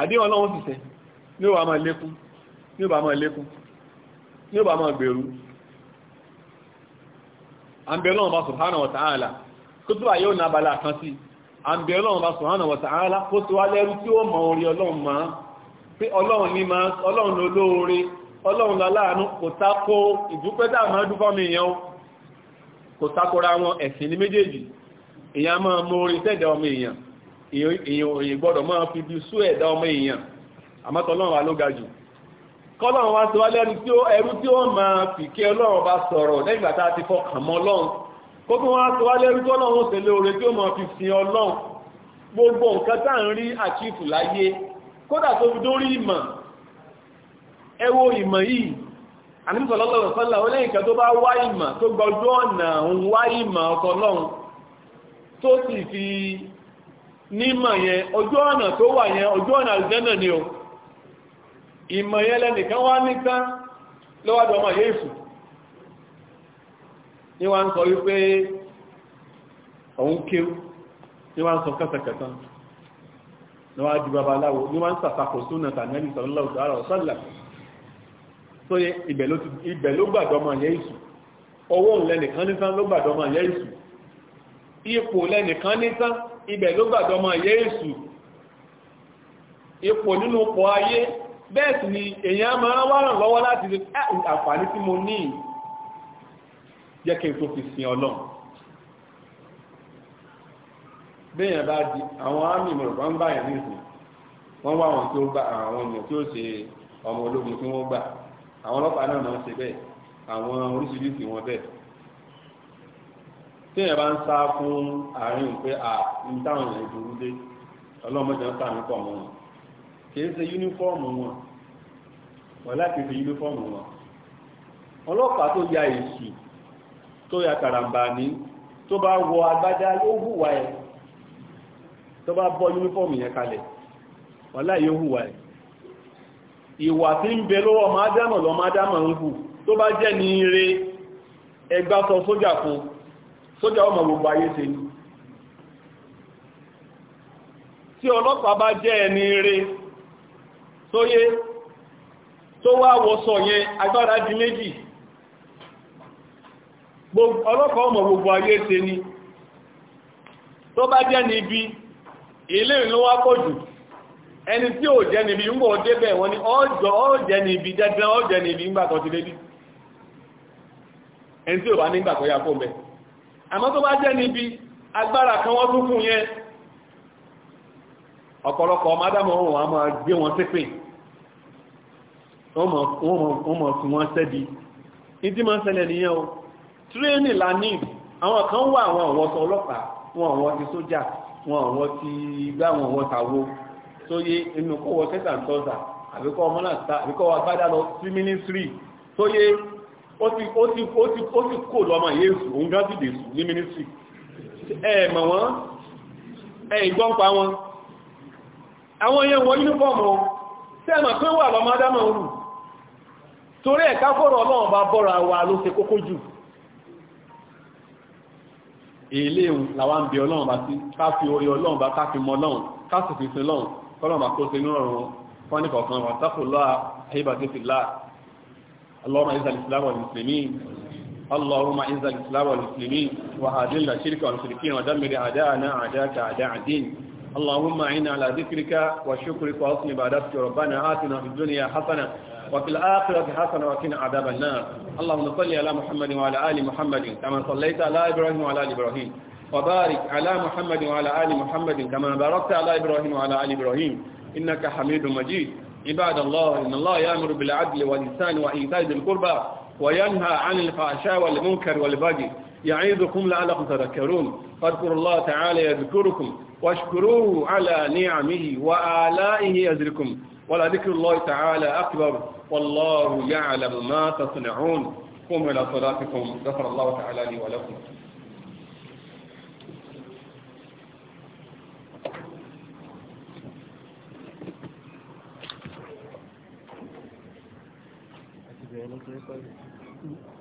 àdéhùn ọlọ́run ṣiṣẹ́ ní ó bá máa lékún ní ó bá máa lékún ní ó bá máa gbèrú àbẹ̀lọ́run bá subhanahu wa ta'ala kó tó àyẹ́ ònà abala kan sí àbẹ̀lọ́run bá subhanahu wa ta'ala kó tó wá lẹ́rú tí ó mọ orí ọlọ́run máa pé ọlọ́run ní máa ọlọ́run olóore ọlọ́run láláàánú kò tako ìdúpẹ́tà máa dúpọ́ mi yẹn kò takora wọn ẹ̀sìn ní méjèèjì èèyàn máa mọ èèyàn òyìn gbọ́dọ̀ máa fi bí sú ẹ̀dá ọmọ èèyàn àmọ́tọ́lọ́run wa ló ga jù kọ́lọ́run wa sọ wá lẹ́nu tí ó ẹrú tí ó máa fìkẹ́ ọlọ́run bá sọ̀rọ̀ lẹ́yìn ìgbà tá a ti fọkàn mọ́ ọlọ́run kó tún wá sọ wá lẹ́rú tí ọlọ́run ó tẹ̀lé oore tí ó máa fi sin ọlọ́run gbogbo nǹkan tá à ń rí àkífù láyé kódà tó fi dórí ìmọ̀ ẹ wo ìmọ̀ yìí àníbìsọ̀lọ́lọ́rọ̀ sọ́lá ó lẹ́yìn kan tó bá wá ìmọ̀ tó gbọ́jú ọ̀nà òun wá ìmọ̀ ọkọ̀ ọlọ́run tó sì fi nímọ̀ yẹn ojú ọ̀nà tó wà yẹn ojú ọ̀nà àlùjẹ́nà ni o ìmọ̀ yẹn lẹ́nìkan wá ní lọ́wọ́dọ̀ ọmọ yéèfù ní wọ́n ń sọ wípé òun kéw ní wọ́n ń sọ kẹsẹ̀kẹsẹ̀ wọ́n á babaláwo ni wọ́n ń sàtakò súnà ní ipò lẹ́nìkan ibẹ̀ ló gbàdọ́mọ yéésù ipò nínú pọ̀ ayé bẹ́ẹ̀ sì ni èyàn máa wá ràn lọ́wọ́ láti rí àǹfààní tí mo ní jẹ́ kí n tó fi sin ọlọ́run bẹ́yàn bá di àwọn àmì ìmọ̀ràn ń báyàn nísìn wọ́n wá àwọn tí ó gbà àwọn èèyàn tí ó ṣe ọmọ ológun tí wọ́n gbà àwọn ọlọ́pàá náà máa ń ṣe bẹ́ẹ̀ àwọn oríṣiríṣi wọn bẹ́ẹ̀ téèyàn bá ń sá fún àárín pé ní táwọn èèyàn burú dé ọlọ́mọdé ń sàmì pọ̀ mọ́ wọn kìí ṣe yúnífọ́ọ̀mù wọn wọ́n láti fi yúnífọ́ọ̀mù wọn ọlọ́pàá tó ya èsì tó ya kàràǹbàní tó bá wọ agbádá yóò hùwà ẹ̀ tó bá bọ́ yúnífọ́ọ̀mù yẹn kalẹ̀ wọ́n láì yóò hùwà ẹ̀ ìwà tí ń bẹ lọ́wọ́ ọmọ ádámọ̀ lọ́mọ ádámọ̀ ń hù tó bá jẹ́ ní ire ẹgbá sọ sójà fún sójà ọmọ gbogbo ayé ṣe ni tí ọlọ́pàá bá jẹ́ ẹni rí yé tó wá wọ́sọ̀ yẹn agbára di méjì ọlọ́pàá ọmọ gbogbo ayé ṣe ni tó bá jẹ́ ní ibi ilé ìlú jù ẹni tí ó jẹ́ níbi ń bọ̀ débẹ̀ wọ́n ni ọjọ́ ẹni tí bá yà fún mẹ́ àmọ́ ọ̀pọ̀lọpọ̀ ọmọ adámọ̀ wọn a máa gbé wọn ṣépè wọ́n mọ̀ fún wọn sẹ́bi ìdí máa ń ṣẹlẹ̀ nìyẹn o tírénì la ní àwọn kan wà àwọn ọ̀wọ́sọ ọlọ́pàá wọn àwọn ti sójà wọn àwọn ti gbá wọn àwọn tàwo tó yé inú kọ́wọ́ tẹ́tà tọ́sà àbíkọ́ ọmọ náà ta àbíkọ́ wa gbádá lọ sí mínísírì tó yé ó ti kó lọ́mọ yéésù òun gá dìde sùn ní mínísírì ẹ̀ẹ̀mọ̀ wọn ẹ̀ẹ̀gbọ́n pa wọn àwọn èèyàn wọ yúnífọ́ọ̀mù tẹ́ẹ̀mà pé wà bá má dámà orù torí ẹ̀ká fọ́rọ̀ ọlọ́run bá bọ́ra wa ló ṣe kókó jù èlé òun làwa ń bẹ ọlọ́run bá sí ká orí ọlọ́run bá ká fi mọ ọlọ́run fi sin lọ́run kọ́lọ́run bá kó ṣe inú ọ̀run fọ́nì اللهم اعنا على ذكرك وشكرك وحسن عبادتك ربنا آتنا في الدنيا حسنة وفي الآخرة حسنة وقنا عذاب النار اللهم صل على محمد وعلى آل محمد كما صليت على إبراهيم وعلى آل إبراهيم وبارك على محمد وعلى آل محمد كما باركت على إبراهيم وعلى آل إبراهيم إنك حميد مجيد عباد الله إن الله يأمر بالعدل والإنسان وإيتاء ذي القربى وينهى عن الفحشاء والمنكر والبغي يعيدكم لعلكم تذكرون فاذكروا الله تعالى يذكركم واشكروه على نعمه وآلائه يزركم ولذكر الله تعالى أكبر والله يعلم ما تصنعون قوموا إلى صلاتكم غفر الله تعالى لي ولكم Thank you.